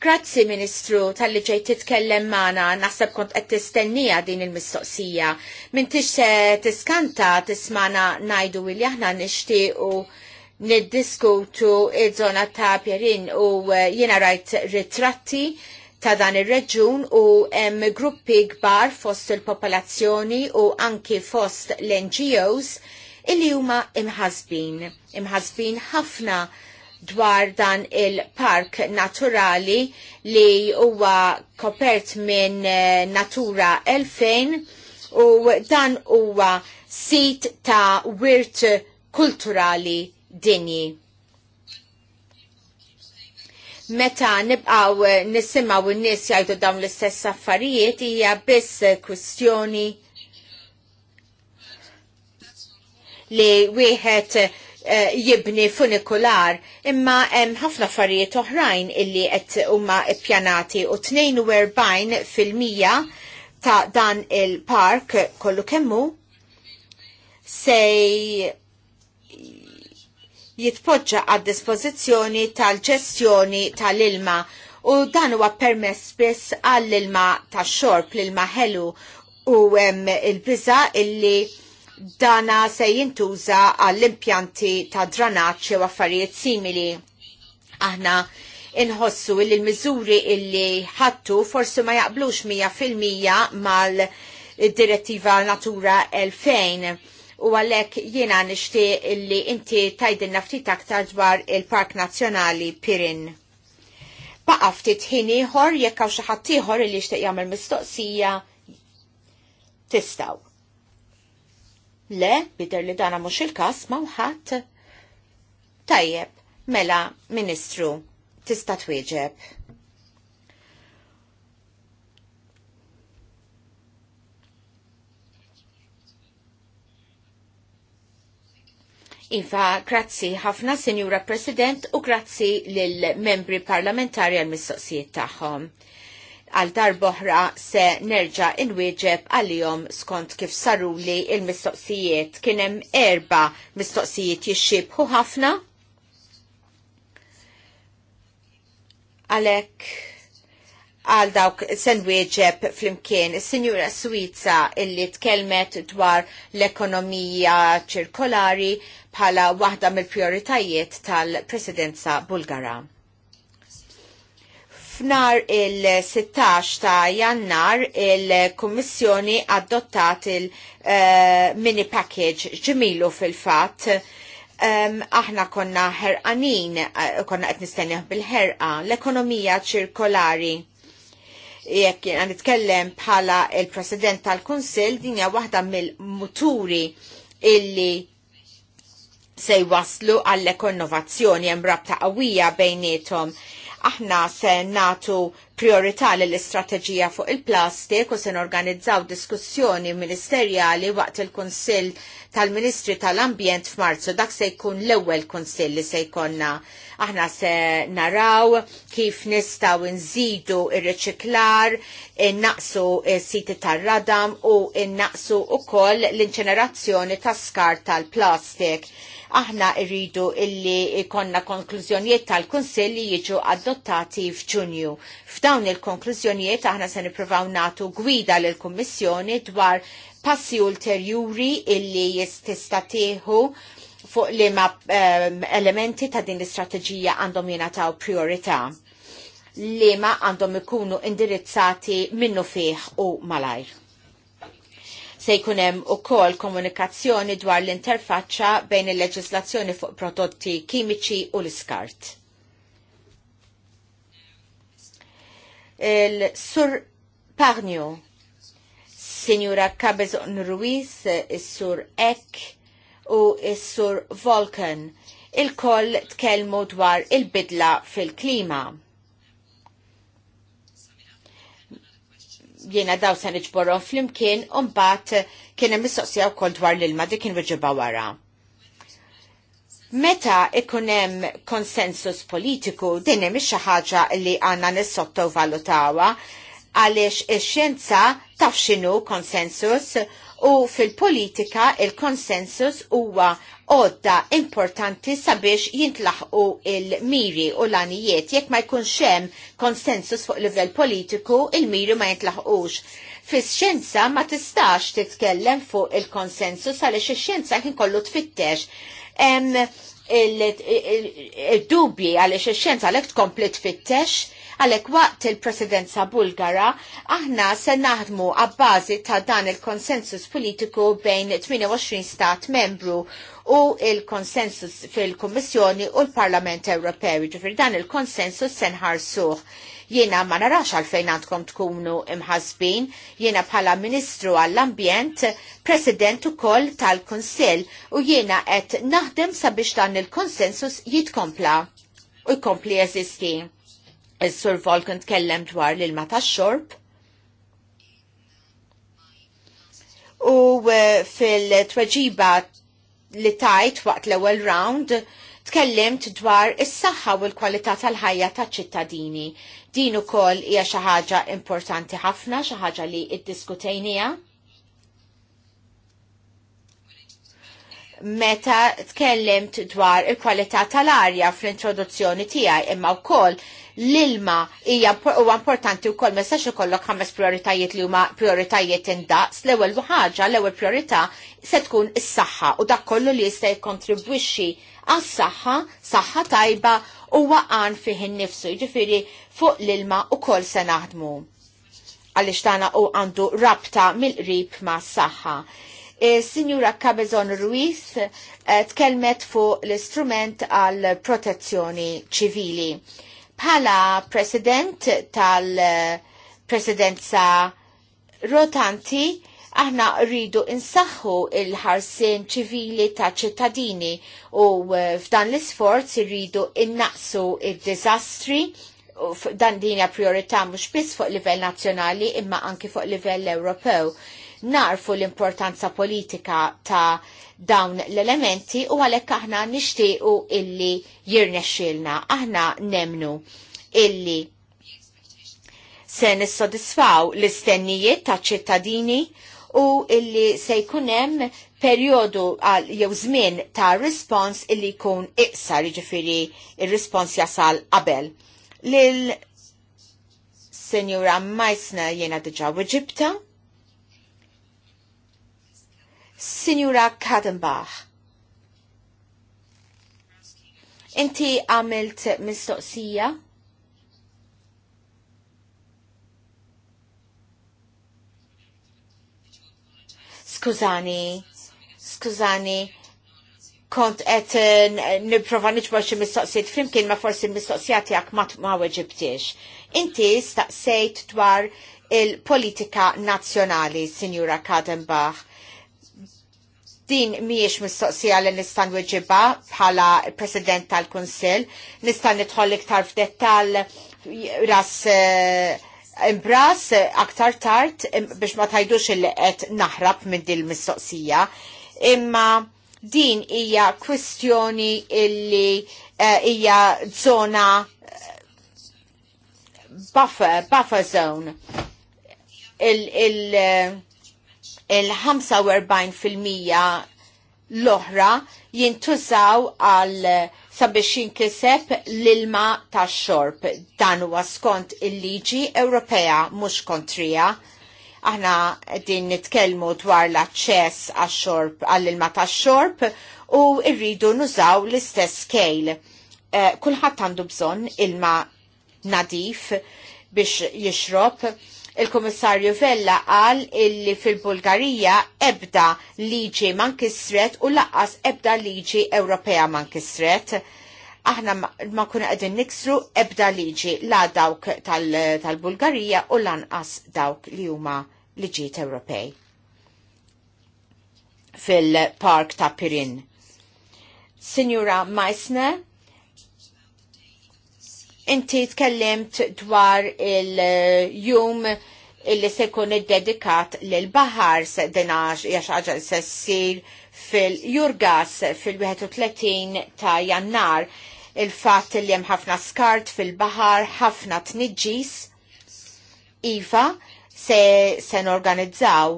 Grazzi Ministru tal-li ġej titkellem mana, naħseb kont qed tistennija din il-mistoqsija. M'intix se tiskanta tismana najdu li aħna nixtiequ niddiskutu iż-żona ta' Pjerin u eh, jiena rajt ritratti ta' dan ir-reġun u hemm gruppi kbar fost il-popolazzjoni u anki fost l-NGOs illi huma imħasbin. Imħasbin ħafna dwar dan il-park naturali li huwa kopert minn eh, Natura 2000 u dan huwa sit ta' wirt kulturali dinji meta nibqaw eh, nisimgħu n-nies jgħidu dawn l-istess affarijiet hija biss kwistjoni li wieħed eh, jibni funikular imma hemm ħafna affarijiet oħrajn illi qed huma ppjanati u 42 fil-mija ta' dan il-park kollu kemmu se jitpoġġa għad dispożizzjoni tal-ġestjoni tal-ilma u dan huwa permess biss għall-ilma tax-xorb l-ilma ħelu u hemm il-biża illi dana se jintuża għall-impjanti ta' dranaċ u affarijiet simili. Aħna inħossu illi l-miżuri illi ħattu forsi ma jaqblux 100% mal-direttiva Natura 2000 u għalhekk jiena nixtieq illi inti tajdin ftit aktar dwar il-Park Nazzjonali Pirin. Baqa' ftit ħin ieħor jekk hawn xi ħadd ieħor li jagħmel mistoqsija tistgħu. Le, bider li dana mhux il-każ ma' wħadd. Tajjeb, mela, Ministru, tista' twieġeb. Iva, grazzi ħafna, Sinjura President, u grazzi lill-membri parlamentari għal-mistoqsijiet tagħhom. Għal darboħra se nerġa inwieġeb għal-jom skont kif saruli il-mistoqsijiet kienem erba mistoqsijiet jixxibħu ħafna. Għalek, għal dawk sandwiċeb flimkien is-Sinjura Swizza illi tkellmet dwar l-ekonomija ċirkolari bħala waħda mill-prioritajiet tal-Presidenza Bulgara. F'nar il-16 ta' jannar il-Kummissjoni adottat il-mini eh, package ġemilu fil-fat um, aħna konna ħerqanin, eh, konna qed nistenneħ bil-ħerqa, l-ekonomija ċirkolari jekk jena nitkellem bħala il-President tal-Kunsil, din hija waħda mill-muturi illi se jwaslu għall-ekonnovazzjoni hemm rabta qawwija bejnietom. Aħna se natu priorità l-istrateġija fuq il-plastik u se organizzaw diskussjoni ministerjali waqt il-Kunsill tal-Ministri tal-Ambjent f'Marzu. Dak se jkun l-ewwel kunsill li se jkonna Aħna se naraw kif nistaw nżidu ir-riċiklar, innaqsu s-siti tar-radam u innaqsu koll l-inċenerazzjoni ta' skar tal-plastik. Aħna rridu illi ikonna konklużjonijiet tal-Kunsill li jiġu adottati f'Ġunju. F'dawn il-konklużjonijiet aħna se nippruvaw nagħtu gwida lill-Kummissjoni dwar passi ulterjuri illi jistista tieħu fuq li ma ehm, elementi ta' din l-istrateġija għandhom jenataw priorità li ma għandhom ikunu indirizzati minnu fiħ u malajr se jkunem u kol komunikazzjoni dwar l-interfaċċa bejn il-leġislazzjoni fuq prodotti kimiċi u l-iskart. Il-Sur Pagnu, Signora Cabezon Ruiz, il-Sur Ek, u s-sur Vulcan. Il-koll tkellmu dwar il-bidla fil-klima. Jiena daw se niġborhom flimkien u mbagħad kien hemm mistoqsija wkoll dwar l-ilma dik inweġiba wara. Meta ikun hemm konsensus politiku din hemm xi ħaġa li għandna nissottovalutawha għaliex ix-xjenza taf x'inhu konsensus u fil-politika il-konsensus huwa għodda importanti sabiex jintlaħqu il-miri u l-anijiet. Jekk ma jkunx hemm konsensus fuq livell politiku, il-miri ma jintlaħqux. Fis-xjenza ma tistax titkellem fuq il-konsensus għaliex ix-xjenza kien kollu tfittex. Hemm il-dubji għaliex ix-xjenza għalhekk tkompli tfittex Għalek waqt il-presidenza bulgara, aħna se naħdmu għabbażi ta' dan il-konsensus politiku bejn 28 stat membru u il-konsensus fil-Kommissjoni u l-Parlament Ewropew. Ġifir dan il-konsensus senħarsuħ jiena ma narax għalfejn għandkom tkunu imħasbin, jiena bħala Ministru għall-Ambjent, President ukoll tal konsil u jiena qed naħdem sabiex dan il-konsensus jitkompla u jkompli jeżisti. Is-Sur Volkan tkellem dwar l-ilma tax-xorb. U eh, fil-tweġiba li tajt waqt l-ewwel round tkellimt dwar is-saħħa u l-kwalità tal-ħajja taċ-ċittadini. Din ukoll hija xi ħaġa importanti ħafna, xi ħaġa li iddiskutejnija. meta tkellimt dwar il-kwalità tal-arja fl-introduzzjoni tiegħi imma wkoll l-ilma hija huwa importanti wkoll ma sax ikollok ħames prioritajiet li huma prioritajiet indaqs l-ewwel ħaġa l-ewwel priorità se tkun is-saħħa u dak kollu li jista' jikkontribwixxi għas-saħħa, saħħa tajba huwa waqan fih innifsu, jiġifieri fuq l-ilma wkoll se naħdmu għaliex tagħna u għandu rabta mill-qrib ma' saħħa Eh, Signora Cabezon Ruiz eh, tkellmet fuq l-istrument għal protezzjoni ċivili. Bħala president tal-presidenza rotanti, aħna rridu insaħħu il-ħarsien ċivili ta' ċittadini u eh, f'dan l-isforz rridu innaqsu il-dizastri dan dinja priorità mhux biss fuq livell nazzjonali imma anki fuq livell Ewropew narfu l-importanza politika ta' dawn l-elementi u għalhekk aħna nixtiequ illi jirnexxilna. Aħna nemnu illi se nissodisfaw l-istennijiet ta' ċittadini u illi se jkun hemm perjodu għal jew żmien ta' respons illi jkun iqsar jiġifieri ir-respons jasal qabel. Lil Senjura Majsna jena diġa Ġibta Signora Kadenbach. Inti għamilt mistoqsija? Skużani, skużani, kont qed eh, nipprova niġbor xi mistoqsijiet flimkien ma forsi l-mistoqsija tiegħek ma weġibtiex. Inti staqsejt dwar il-politika nazzjonali, Sinjura Kadenbach Din miex mistoqsija li nistan weġiba bħala President tal-Kunsil, nistan nitħolli iktar f'dettal ras eh, imbras aktar tard biex ma tajdux il qed naħrab minn din mistoqsija. Imma din hija kwistjoni illi eh, hija zona eh, buffer, buffer zone. il, il il-45% l-oħra jintużaw għal sabiex jinkiseb l-ilma tax xorb dan huwa skont il-liġi Ewropea mhux kontrija. Aħna din nitkellmu dwar l-aċċess għax-xorb għall-ilma tax xorb u rridu nużaw l-istess scale. Uh, Kulħadd għandu bżonn ilma nadif biex jixrob Il-Komissarju Vella qal illi fil-Bulgarija ebda liġi man kisret u laqqas ebda liġi Ewropea man kisret. Aħna ma kuna qegħdin niksru ebda liġi la dawk tal-Bulgarija tal u lanqas dawk li huma liġi Ewropej fil-park ta' Pirin. Signora Meissner, Inti tkellimt dwar il-jum illi se jkun iddedikat lil baħar dinax jax ħaġa se ssir fil-Jurgas fil-31 ta' Jannar il-fatt li hemm ħafna skart fil-baħar, ħafna tniġġis. Iva, se, se norganizzaw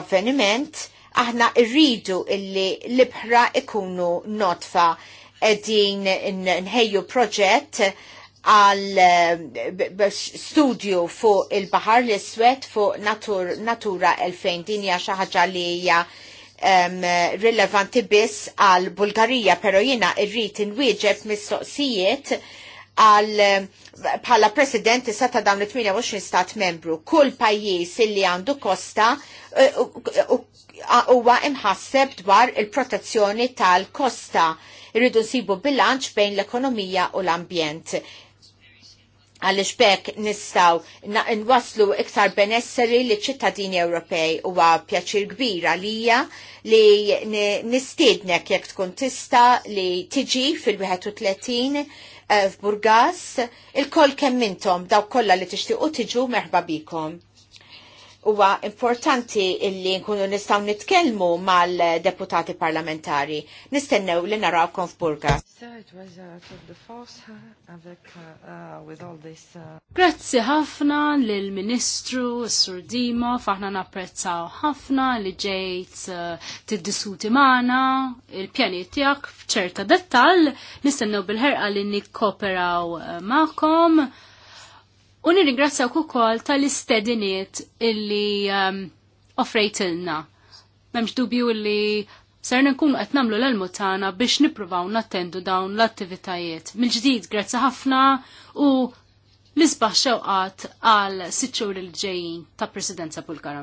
avveniment, aħna irridu illi l-ibħra ikunu notfa edin nħejju proġett għal eh, studju fuq il-Bahar l-Iswed fuq natur, Natura 2000 din hija xi ħaġa li hija um, rilevanti biss għal Bulgarija, pero jiena irrid inwieġeb mistoqsijiet għal eh, bħala president sa ta' dawn l-28 stat membru. Kull pajjiż illi għandu kosta eh, huwa imħasseb dwar il-protezzjoni tal-kosta. Irridu nsibu bilanċ bejn l-ekonomija u l-ambjent għalix bekk nistaw nwaslu iktar benesseri li ċittadini Ewropej u pjaċir kbir għalija li nistidnek jek tkun tista li tiġi fil-31 eh, f'Burgas il-koll kemmintom daw kolla li tixtiequ tiġu merħba bikom huwa importanti illi nkunu nistgħu nitkellmu mal-deputati parlamentari. Nistennew li narawkom f'Burga. Grazzi ħafna lil ministru Sur Dima, faħna napprezzaw ħafna li ġejt uh, tiddisuti Mana il-pjani tiegħek f'ċerta dettal. nistennew bil-ħerqa li nikkoperaw uh, magħkom. U nirringrazzja ukoll tal-istediniet illi um, offrejtilna. M'hemmx dubju illi serna nkunu qed nagħmlu l mutana biex nippruvaw nattendu dawn l-attivitajiet. Mill-ġdid grazzi ħafna u l-isbaħ xewqat għal sitt il-ġejjin ta' Presidenza Bulgara.